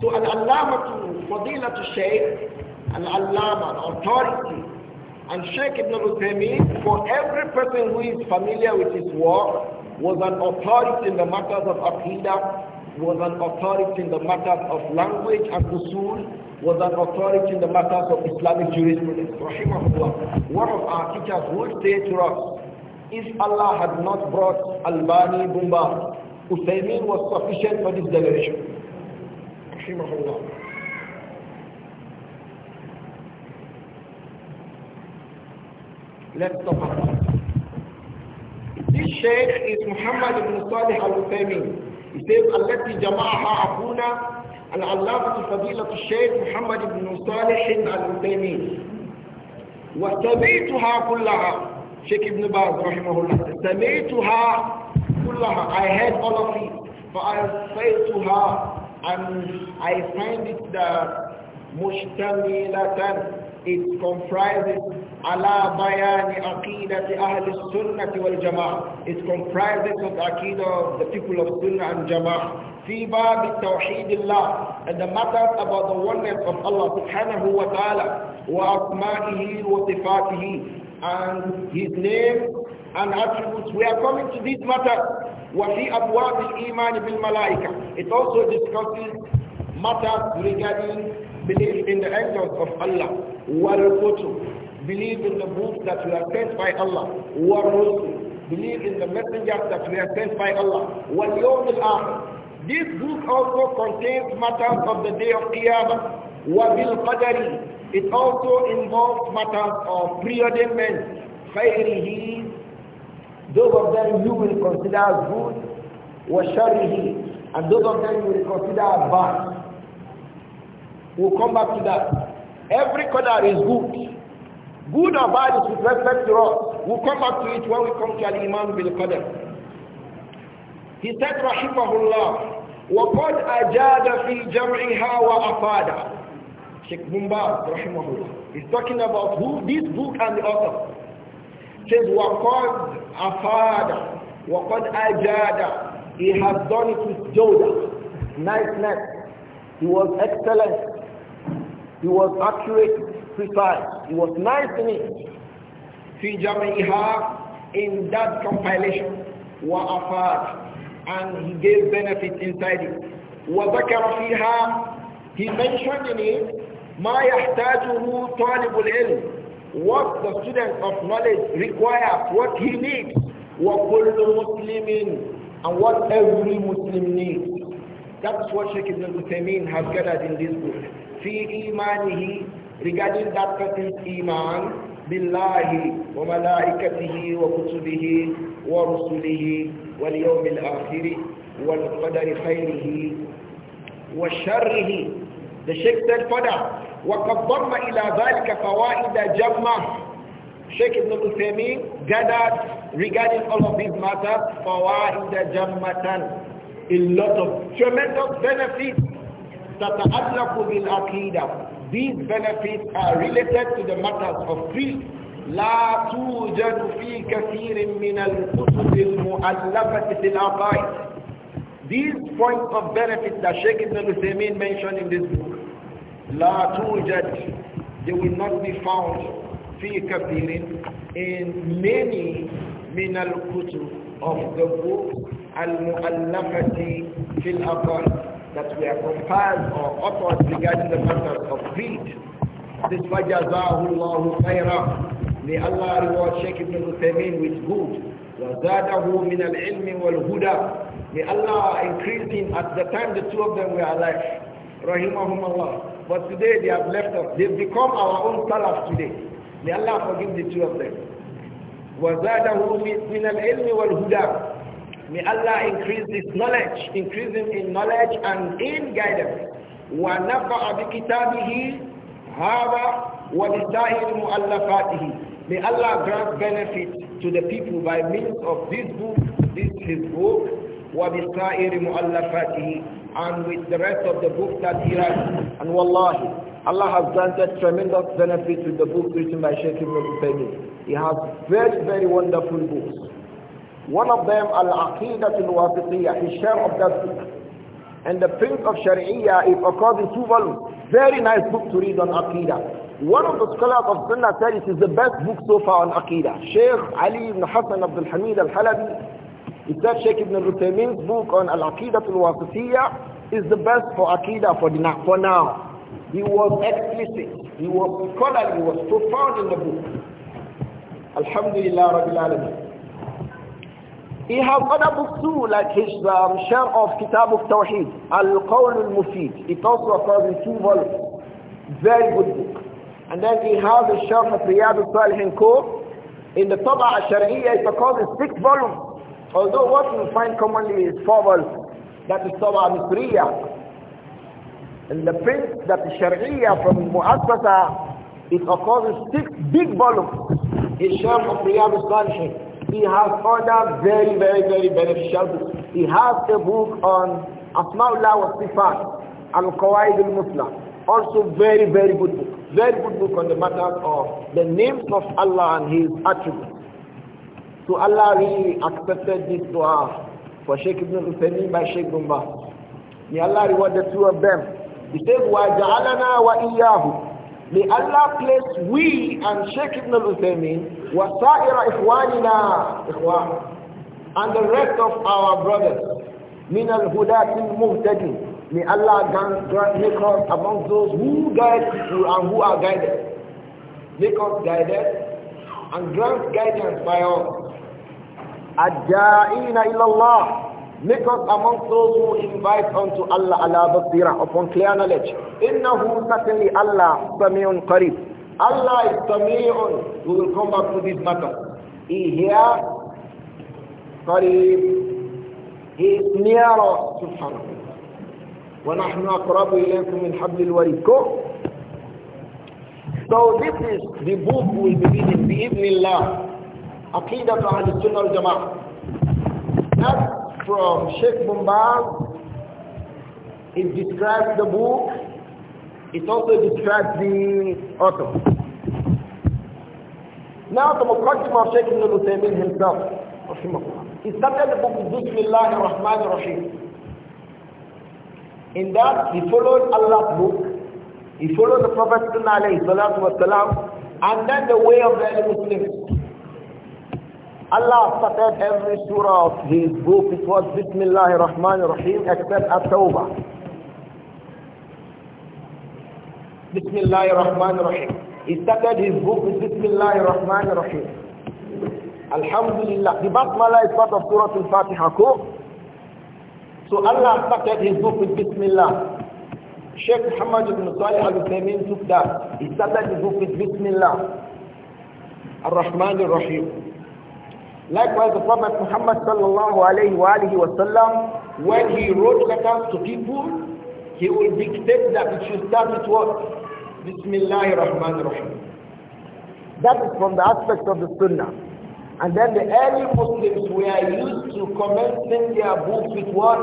So Al-Allamatul to Shaykh, al an authority. And Sheikh Ibn Uthaymeen, for every person who is familiar with his work, was an authority in the matters of Aqidah, was an authority in the matters of language and usul, was an authority in the matters of Islamic jurisprudence. Rahimahullah. One of our teachers would say to us, if Allah had not brought Albani Bumba, Uthaymeen was sufficient for this generation. Rahimahullah. Let's talk about it. This Shaykh is Muhammad ibn Salih al-Uthaymeen. He says, التي جمعها أبونا العلامة فضيلة الشيخ محمد بن صالح العثيمين وسميتها كلها شيخ ابن باز رحمه الله سميتها كلها I had all of it her and I find it that مشتملة it comprises ala bayani aqidati ahli sunnah wal jama'ah. It comprises of the aqidah of the people of sunnah and jama'ah. في باب توحيد الله and the matter about the oneness of Allah سبحانه wa ta'ala وأسمائه وصفاته and his name and attributes. We are coming to this matter. وفي أبواب الإيمان بالملائكة. It also discusses matters regarding belief in the angels of Allah. والكتب Believe in the book that are sent by Allah. وَالرُّسُلِ Believe in the messengers that we are sent by Allah. وَالْيَوْمِ الْآخِرِ This book also contains matters of the day of Qiyamah. وَبِالْقَدَرِ It also involves matters of preordainment. خَيْرِهِ Those of them you will consider as good. وَشَرِهِ And those of them you will consider as bad. We'll come back to that. Every qadar is good. Good or bad is with respect to us. We'll come back to it when we come to Al-Imam bin Qadr. He said, Rahimahullah, وقد أجاد في جمعها وأفاد Sheikh Mumbaz, rahimahullah, He's talking about who this book and the author. Says وقد أفاد وقد أجاد He has done it with Joda, nice. He was excellent. He was accurate precise. He was nice to me. في جمعها in that compilation وأفاد and he gave benefits inside it وذكر فيها he mentioned in it ما يحتاجه طالب العلم what the student of knowledge requires what he needs وكل مسلم and what every Muslim needs that's what Sheikh Ibn Uthaymeen has gathered in this book في إيمانه regarding that person's iman بالله وملائكته وكتبه ورسله واليوم الآخر والقدر خيره وشره The Sheikh said further وقد ضم إلى ذلك فوائد جمة Sheikh Ibn Uthaymeen gathered regarding all of these matters فوائد جمة a lot of tremendous benefits تتعلق بالعقيدة These benefits are related to the matters of creed. لا توجد في كثير من الكتب المؤلفة في العقائد These points of benefit that Sheikh Ibn Uthaymeen mentioned in this book لا توجد they will not be found في كثير in many من الكتب of the books المؤلفة في العقائد that we are compiled or uttered regarding the matter of greed. This fajazahullahu khayra. May Allah reward Sheikh Ibn Uthaymeen with good. وَزَادَهُ مِنَ الْعِلْمِ وَالْهُدَى May Allah increase him at the time the two of them were alive. Rahimahum Allah. But today they have left us. They've become our own salaf today. May Allah forgive the two of them. وَزَادَهُ مِنَ الْعِلْمِ وَالْهُدَى May Allah increase this knowledge, increase him in knowledge and in guidance. وَنَفَعَ بِكِتَابِهِ هَذَا وَبِسَائِرِ مُؤَلَّفَاتِهِ May Allah grant benefit to the people by means of this book, this his book, وَبِسَائِرِ مُؤَلَّفَاتِهِ and with the rest of the book that he has. And wallahi, Allah has granted tremendous benefit to the book written by Sheikh Ibn Taymiyyah. He has very, very wonderful books. One of them, Al-Aqidat al-Wasitiyah, his share of that book. And the Prince of Sharia is according in two volumes. Very nice book to read on Aqidah. One of the scholars of Sunnah said it is the best book so far on Aqidah. Sheikh Ali ibn Hassan Abdul Hamid al-Halabi, he said Sheikh ibn al book on Al-Aqidat al-Wasitiyah is the best for Aqidah for, for now. He was explicit. He was scholarly. He was profound in the book. Alhamdulillah Rabbil Alameen. He has other books too, like his um, share of Kitab of Tawheed, Al-Qawl al-Mufid. It also occurs in two volumes. Very good book. And then he has a share of Riyad al-Salihin Co. In the Tab'a al-Shari'iyya, it occurs in six volumes. Although what you find commonly is four volumes. That is Tab'a al-Misriya. In the print that the Shari'iyya from Mu'assasa, it occurs in six big volumes. In share of Riyad al-Salihin. He has other very, very, very beneficial books. He has a book on Asma'ullah wa Sifat, Al-Qawaid al-Muslim. Also very, very good book. Very good book on the matter of the names of Allah and His attributes. So Allah really accepted this dua for Sheikh Ibn Husayni by Sheikh Bumba. May Allah reward the two of them. He says, وَجَعَلَنَا وَإِيَّاهُ May Allah place we and Sheikh Ibn al-Uthaymin وَسَائِرَ إِخْوَانِنَا and the rest of our brothers مِنَ الْهُدَاتِ Muhtadin. May Allah make us among those who guide people and who are guided. Make us guided and grant guidance by us. أَجَّائِينَ إِلَى Make us amongst those who invite unto Allah ala basira upon clear knowledge. Innahu certainly Allah sami'un qarib. Allah is sami'un. We will come back to this matter. He here qarib. He is near us subhanahu ونحن أقرب إليكم من حبل الوريد So this is the book will be reading بإذن الله عقيدة أهل السنة والجماعة That's from Sheikh Bombal. It describes the book. It also describes the author. Now the Muqaddim of Sheikh Ibn Uthaymeen himself. He started the book with Bismillah ar-Rahman ar-Rahim. In that he followed Allah's book. He followed the Prophet Sallallahu Alaihi Wasallam and then the way of the Muslims. Allah started every surah of his book, it was Bismillah ar-Rahman rahim except At-Tawbah. Bismillah ar-Rahman rahim He started his book with Bismillah ar-Rahman rahim Alhamdulillah. The Basmala is part of Surah Al-Fatiha, So Allah started his book with Bismillah. Sheikh Muhammad ibn Salih al-Uthaymeen took that. He started his book with Bismillah ar-Rahman ar-Rahim. Likewise, the Prophet Muhammad sallallahu alayhi wa alihi wasallam, when he wrote letters to people, he would dictate that it should start with what? Bismillah Rahman Rahim. That is from the aspect of the Sunnah. And then the early Muslims were used to commencing their books with what?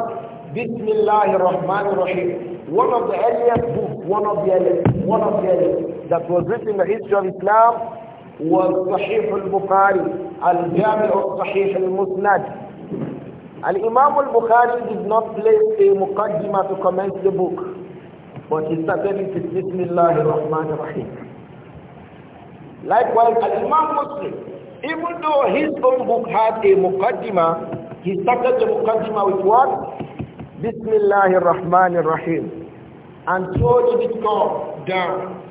Bismillah Rahman Rahim. One of the earliest books, one of the earliest, one of the earliest that was written in the history of Islam al Bukhari, والصحيح البخاري الجامع الصحيح المسند الإمام Bukhari did not place a Mukaddima to commence the book but he started it with Bismillah al Rahman al Rahim. Likewise, Al-Imam Muslim, even though his own book had a Mukaddima, he started the muqaddimah with what? Rahman al Rahim. And so did it go down.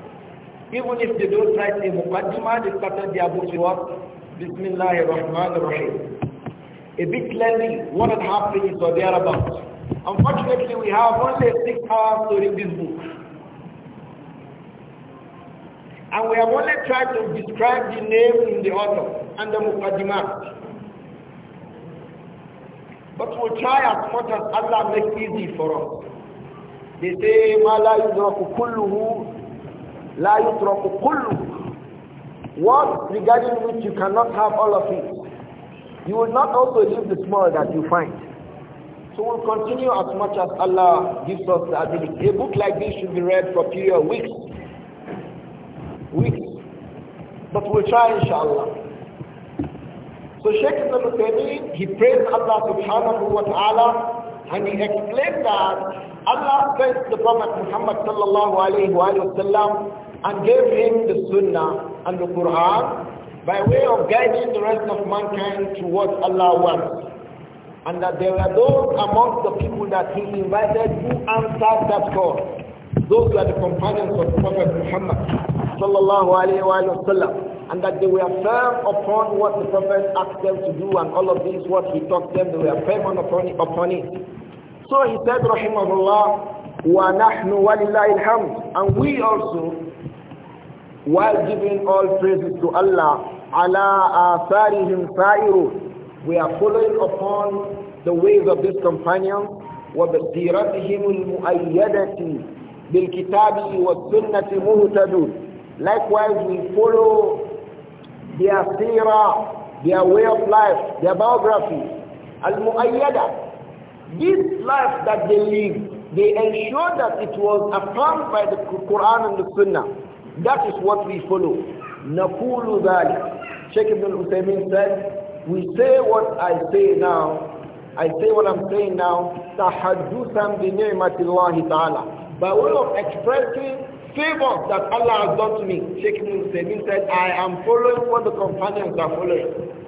Even if they don't write a muqaddimah, they started their books with ar-Rahman ar Rahim. A bit lengthy, one and a half pages or thereabouts. Unfortunately, we have only six hours to read this book. And we have only tried to describe the name in the author and the muqaddimah. But we'll try as much as Allah makes easy for us. They say, La yutraku kullu. What regarding which you cannot have all of it. You will not also leave the small that you find. So we'll continue as much as Allah gives us the ability. A book like this should be read for a period of weeks. Weeks. But we'll try inshallah. So Sheikh Al Taymiyyah, he praised Allah subhanahu wa ta'ala and he explained that Allah sent the Prophet Muhammad sallallahu alayhi wa sallam and gave him the Sunnah and the Quran by way of guiding the rest of mankind towards Allah wants. And that there were those amongst the people that he invited who answered that call. Those were the companions of the Prophet Muhammad sallallahu alayhi wa sallam. And that they were firm upon what the Prophet asked them to do and all of this, what he taught them, they were firm Upon it. So he said, Rahimahullah, wa nahnu walillahi alhamd. And we also, while giving all praises to Allah, ala asarihim sa'iru. We are following upon the ways of this companion وبسيرتهم المؤيدة wa والسنة مهتدون likewise we follow their sira their way of life their biography المؤيدة this life that they live, they ensure that it was affirmed by the Quran and the Sunnah. That is what we follow. نقول ذلك Sheikh Ibn Uthaymin said, we say what I say now, I say what I'm saying now, تحدثا بنعمة الله taala By way of expressing favors that Allah has done to me. Sheikh Ibn Uthaymin said, I am following what the companions are following.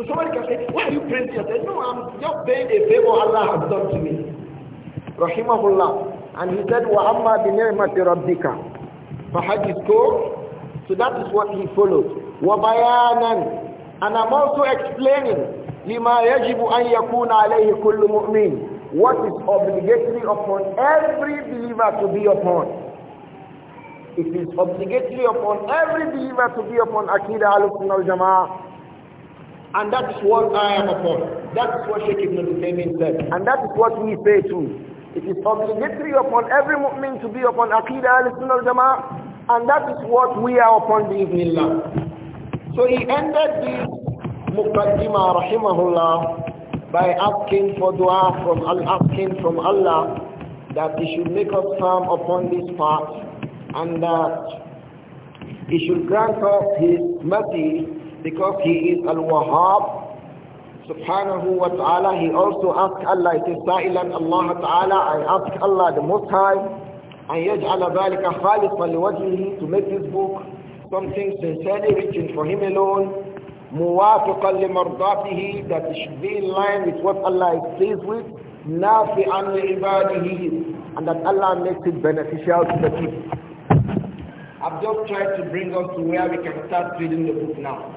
So somebody can say, why are you praying to yourself? No, I'm just paying a favor Allah has done to me. Rahimahullah. And he said, وَأَمَّا بِنِعْمَةِ رَبِّكَ فَحَجِّتْكُ So that is what he followed. وَبَيَانًا And I'm also explaining لِمَا يَجِبُ أَن يَكُونَ عَلَيْهِ كُلُّ مُؤْمِنٍ What is obligatory upon every believer to be upon it is obligatory upon every believer to be upon Aqidah al-Sunnah al-Jama'ah and that is what I am upon. That is what Sheikh Ibn Husaymin said. And that is what we say too. It is obligatory upon every mu'min to be upon Aqidah al-Sunnah al-Jama'ah. And that is what we are upon bi'idhnillah. So he ended this muqaddimah rahimahullah by asking for dua from Allah, asking from Allah that he should make us firm upon this path and that he should grant us his mercy because he is al-wahhab subhanahu wa ta'ala he also asked Allah it is sa'ilan Allah ta'ala I ask Allah the most high أن يجعل ذلك خالصا لوجهه to make this book something sincerely written for him alone موافقا لمرضاته that it should be in line with what Allah is pleased with نافعا لعباده and that Allah makes it beneficial to the people I've just tried to bring us to where we can start reading the book now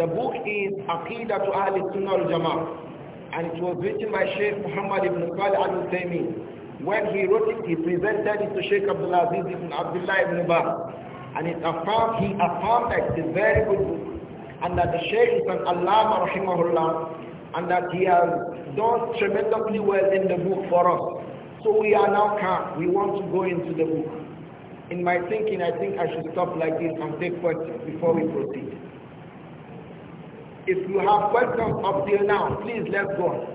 the book is Aqidah to Ahl Sunnah al-Jama'ah and it was written by Sheikh Muhammad ibn Salih al-Utaymin. When he wrote it, he presented it to Sheikh Abdul Aziz ibn Abdullah ibn Bar. And it affirmed, he affirmed that it's a very good book and that the Sheikh is an Allah rahimahullah and that he has done tremendously well in the book for us. So we are now calm. We want to go into the book. In my thinking, I think I should stop like this and take questions before we proceed. If you have questions up till now, please let's go.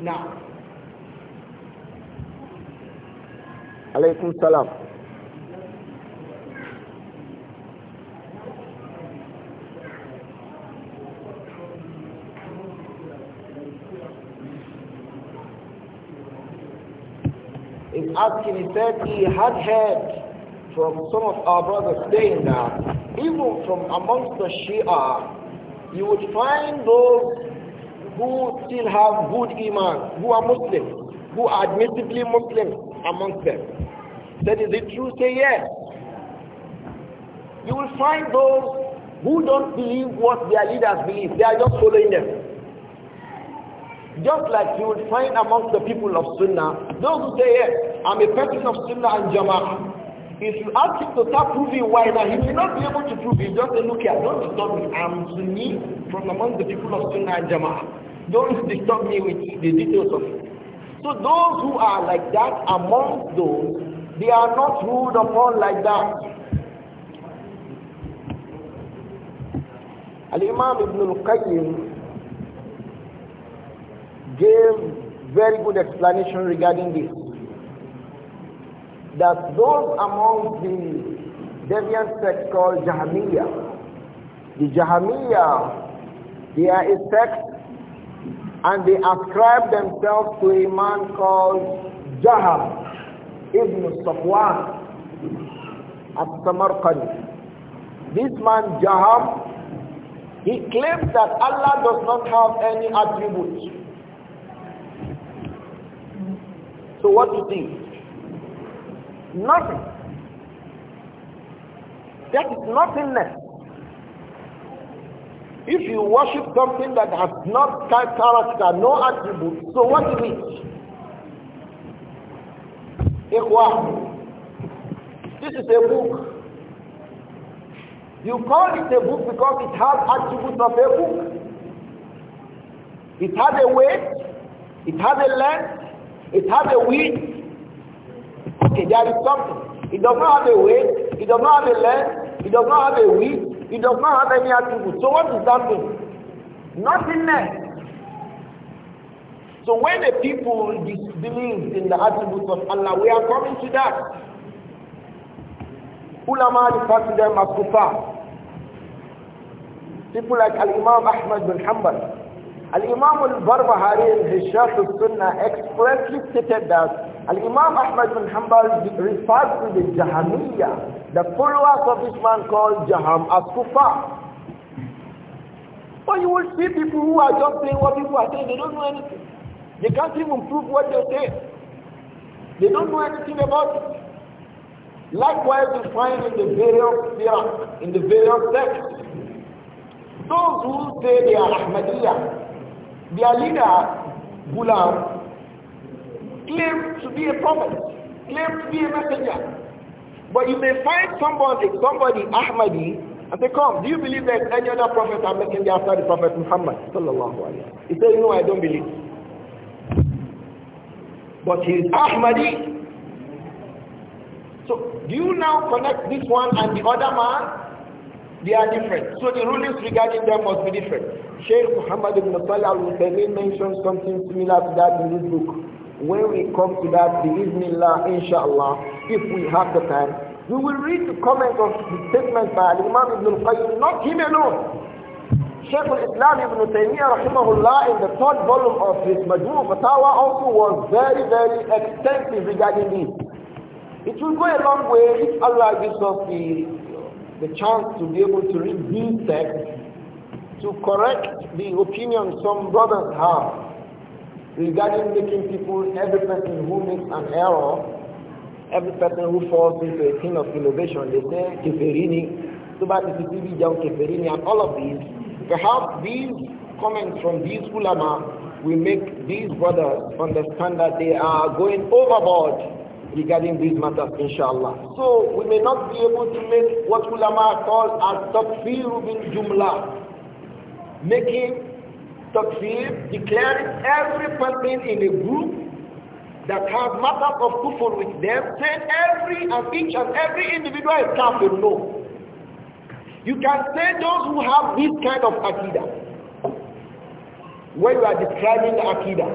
Now. Alaykum salam. Is asking, he said he had heard from some of our brothers saying that even from amongst the Shia, you would find those who still have good iman, who are Muslims, who are admittedly Muslims amongst them. That is it true? Say yes. You will find those who don't believe what their leaders believe. They are just following them. Just like you would find amongst the people of Sunnah, those who say, yes, I'm a person of Sunnah and Jama'ah. If you ask him to start proving why now, he may not be able to prove it. Just say, look here, don't disturb me. I'm Sunni from among the people of Sunnah and Jama'ah. Don't disturb me with the details of it. So those who are like that, among those, they are not ruled upon like that. Al-Imam Ibn al-Qayyim gave very good explanation regarding this that those among the deviant sect called Jahamiya, the Jahamiya, they are a sect and they ascribe themselves to a man called Jaham ibn Safwan al-Samarqandi. This man Jaham, he claims that Allah does not have any attributes. So what do you think? Nothing. That is nothingness. If you worship something that has not character, no attribute, so what is it? This is a book. You call it a book because it has attributes of a book. It has a weight, it has a length, it has a width, Okay, there is something. It does not have a weight, it does not have a length, it does not have a width, it does not have any attribute. So what does that mean? Nothingness. So when the people disbelieve in the attributes of Allah, we are coming to that. Ulama refer to them as kufar. People like Al-Imam Ahmad bin Hanbal. Al-Imam al-Barbahari in his Sharh al-Sunnah expressly stated that Al-Imam Ahmad bin Hanbal refers to the Jahamiyyah, the followers of this man called Jaham as kufa But you will see people who are just saying what people are saying, they don't know anything. They can't even prove what they say. They don't know anything about it. Likewise, you find in the various in the various texts those who say they are Ahmadiyya, their leader, Ghulam, Claim to be a prophet, claim to be a messenger. But you may find somebody, somebody, Ahmadi, and they come, do you believe that any other prophet or messenger after the prophet Muhammad? Sallallahu alayhi He says, no, I don't believe. But he is Ahmadi. So do you now connect this one and the other man? They are different. So the rulings regarding them must be different. Sheikh Muhammad ibn Salah al-Husaymin mentioned something similar to that in his book. When we come to that, the evening inshallah, if we have the time, we will read the comment of the statement by Imam Ibn al-Qayyim, not him alone. Shaykh al-Islam Ibn Taymiyyah rahimahullah in the third volume of his Majmu' Fatawa also was very, very extensive regarding this. It will go a long way if Allah gives us the, the chance to be able to read these texts to correct the opinion some brothers have regarding making people, every person who makes an error, every person who falls into a sin of innovation, they say keferini, subati sisibi jam keferini, and all of these, perhaps these comments from these ulama will make these brothers understand that they are going overboard regarding these matters, inshallah. So we may not be able to make what ulama call as takfiru bin jumla, making takfir, declaring every person in a group that has matters of kufr with them, saying every and each and every individual is kafir. No. You can say those who have this kind of akida when you are describing the akidah,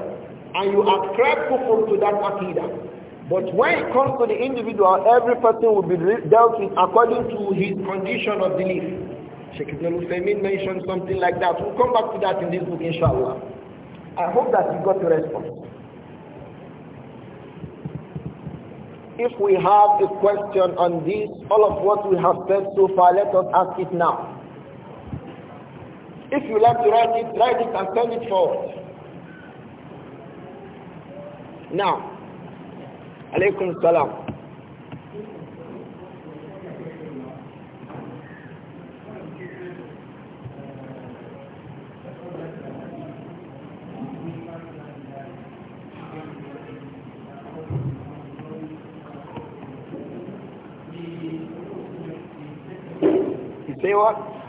and you ascribe kufr to that akida. But when it comes to the individual, every person will be dealt with according to his condition of belief. Sheikh Ibn Uthaymeen mentioned something like that. We'll come back to that in this book, inshallah. I hope that you got the response. If we have a question on this, all of what we have said so far, let us ask it now. If you like to write it, write it and send it forward. Now, alaykum salam. what?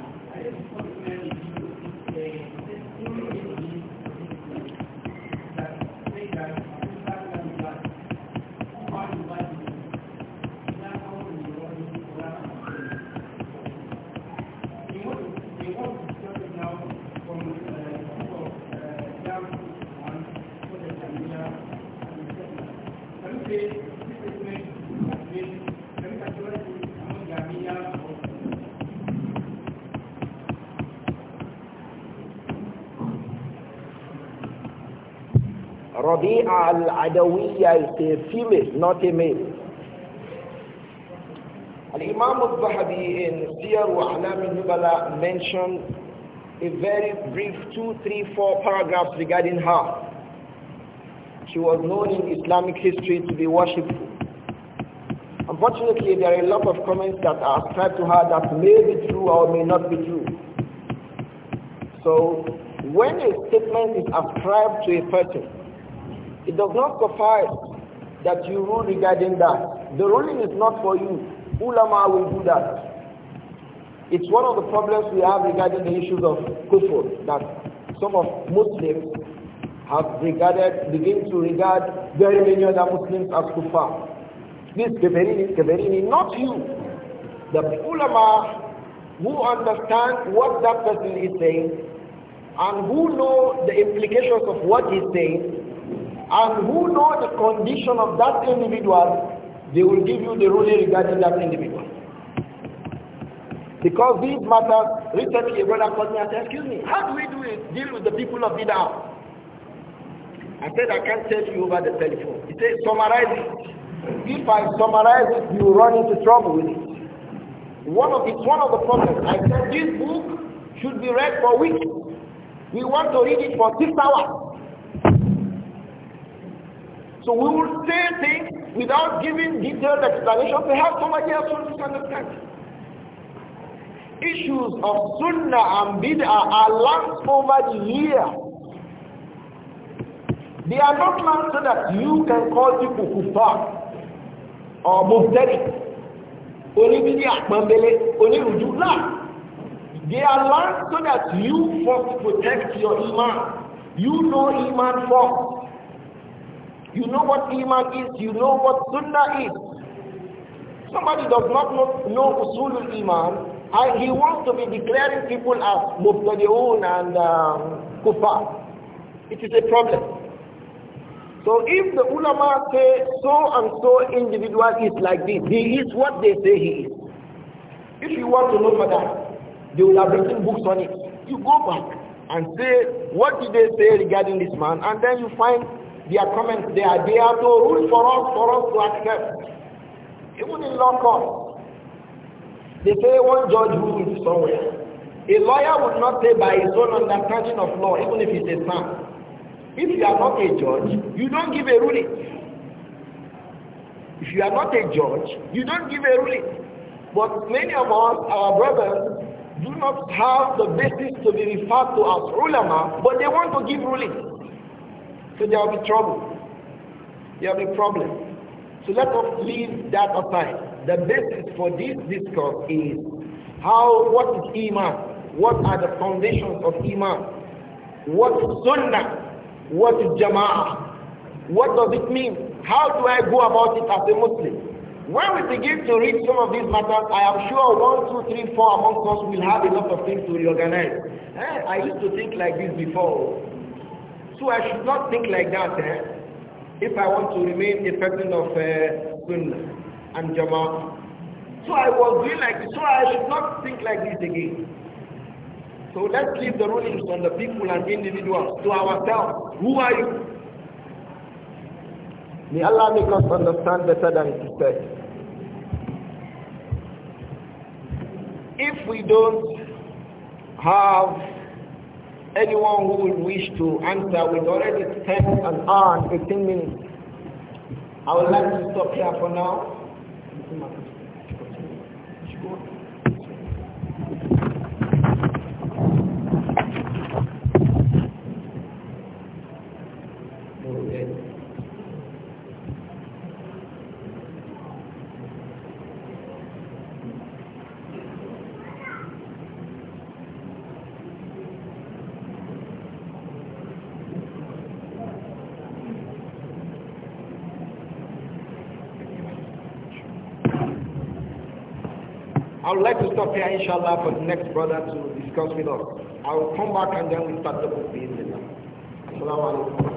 Rabi'a al-Adawiyya is a female, not a male. Al-Imam al-Zahabi in Siyar wa Alam al-Nubala mentioned a very brief two, three, four paragraphs regarding her. She was known in Islamic history to be worshipful. Unfortunately, there are a lot of comments that are ascribed to her that may be true or may not be true. So, when a statement is ascribed to a person, it does not suffice that you rule regarding that. The ruling is not for you. Ulama will do that. It's one of the problems we have regarding the issues of kufr that some of Muslims have regarded, begin to regard very many other Muslims as kufr. This keberini, keberini, not you. The ulama who understand what that person is saying and who know the implications of what he's saying and who know the condition of that individual, they will give you the ruling regarding that individual. Because these matters, recently a brother called me and said, excuse me, how do we do it, deal with the people of Bidao? I said, I can't tell you over the telephone. He said, summarize it. If I summarize it, you run into trouble with it. One of, it's one of the problems. I said, this book should be read for weeks. We want to read it for six hours. So we will say things without giving detailed explanations. They have somebody else who understand. Issues of sunnah and bid'ah are lanced over the year. They are not lanced so that you can call people kuffar or mubtadi. Only akmambele, only rujula. They are learned so that you first protect your iman. You know iman first. You know what Iman is. You know what Sunnah is. Somebody does not know, Usulul Iman and he wants to be declaring people as Mubtadi'un and um, Kufar. It is a problem. So if the ulama say so and so individual is like this, he is what they say he is. If you want to know for that, they will have written books on it. You go back and say, what did they say regarding this man? And then you find their comments they are there to rule for us for us to accept. Even in law court, they say one judge rules somewhere. A lawyer would not say by his own understanding of law, even if he a son. If you are not a judge, you don't give a ruling. If you are not a judge, you don't give a ruling. But many of us, our brothers, do not have the basis to be referred to as ulama, but they want to give rulings. So there will be trouble. There will be problem. So let us leave that aside. The basis for this discourse is how what is Iman? What are the foundations of Iman? What is Sunnah? What is Jama'ah? What does it mean? How do I go about it as a Muslim? When we begin to read some of these matters, I am sure one, two, three, four among us will have a lot of things to reorganize. Eh? I used to think like this before. So I should not think like that eh? if I want to remain a person of uh, Sunnah and Jama'ah. So I was doing like this, so I should not think like this again. So let's leave the rulings on the people and individuals to ourselves. Who are you? May Allah make us understand better than it is said. If we don't have anyone who would wish to answer, we've already spent an hour and 15 minutes. I would like to stop here for now. inshallah, for the next brother to discuss with us. I will come back and then we start the book. Assalamu alaikum.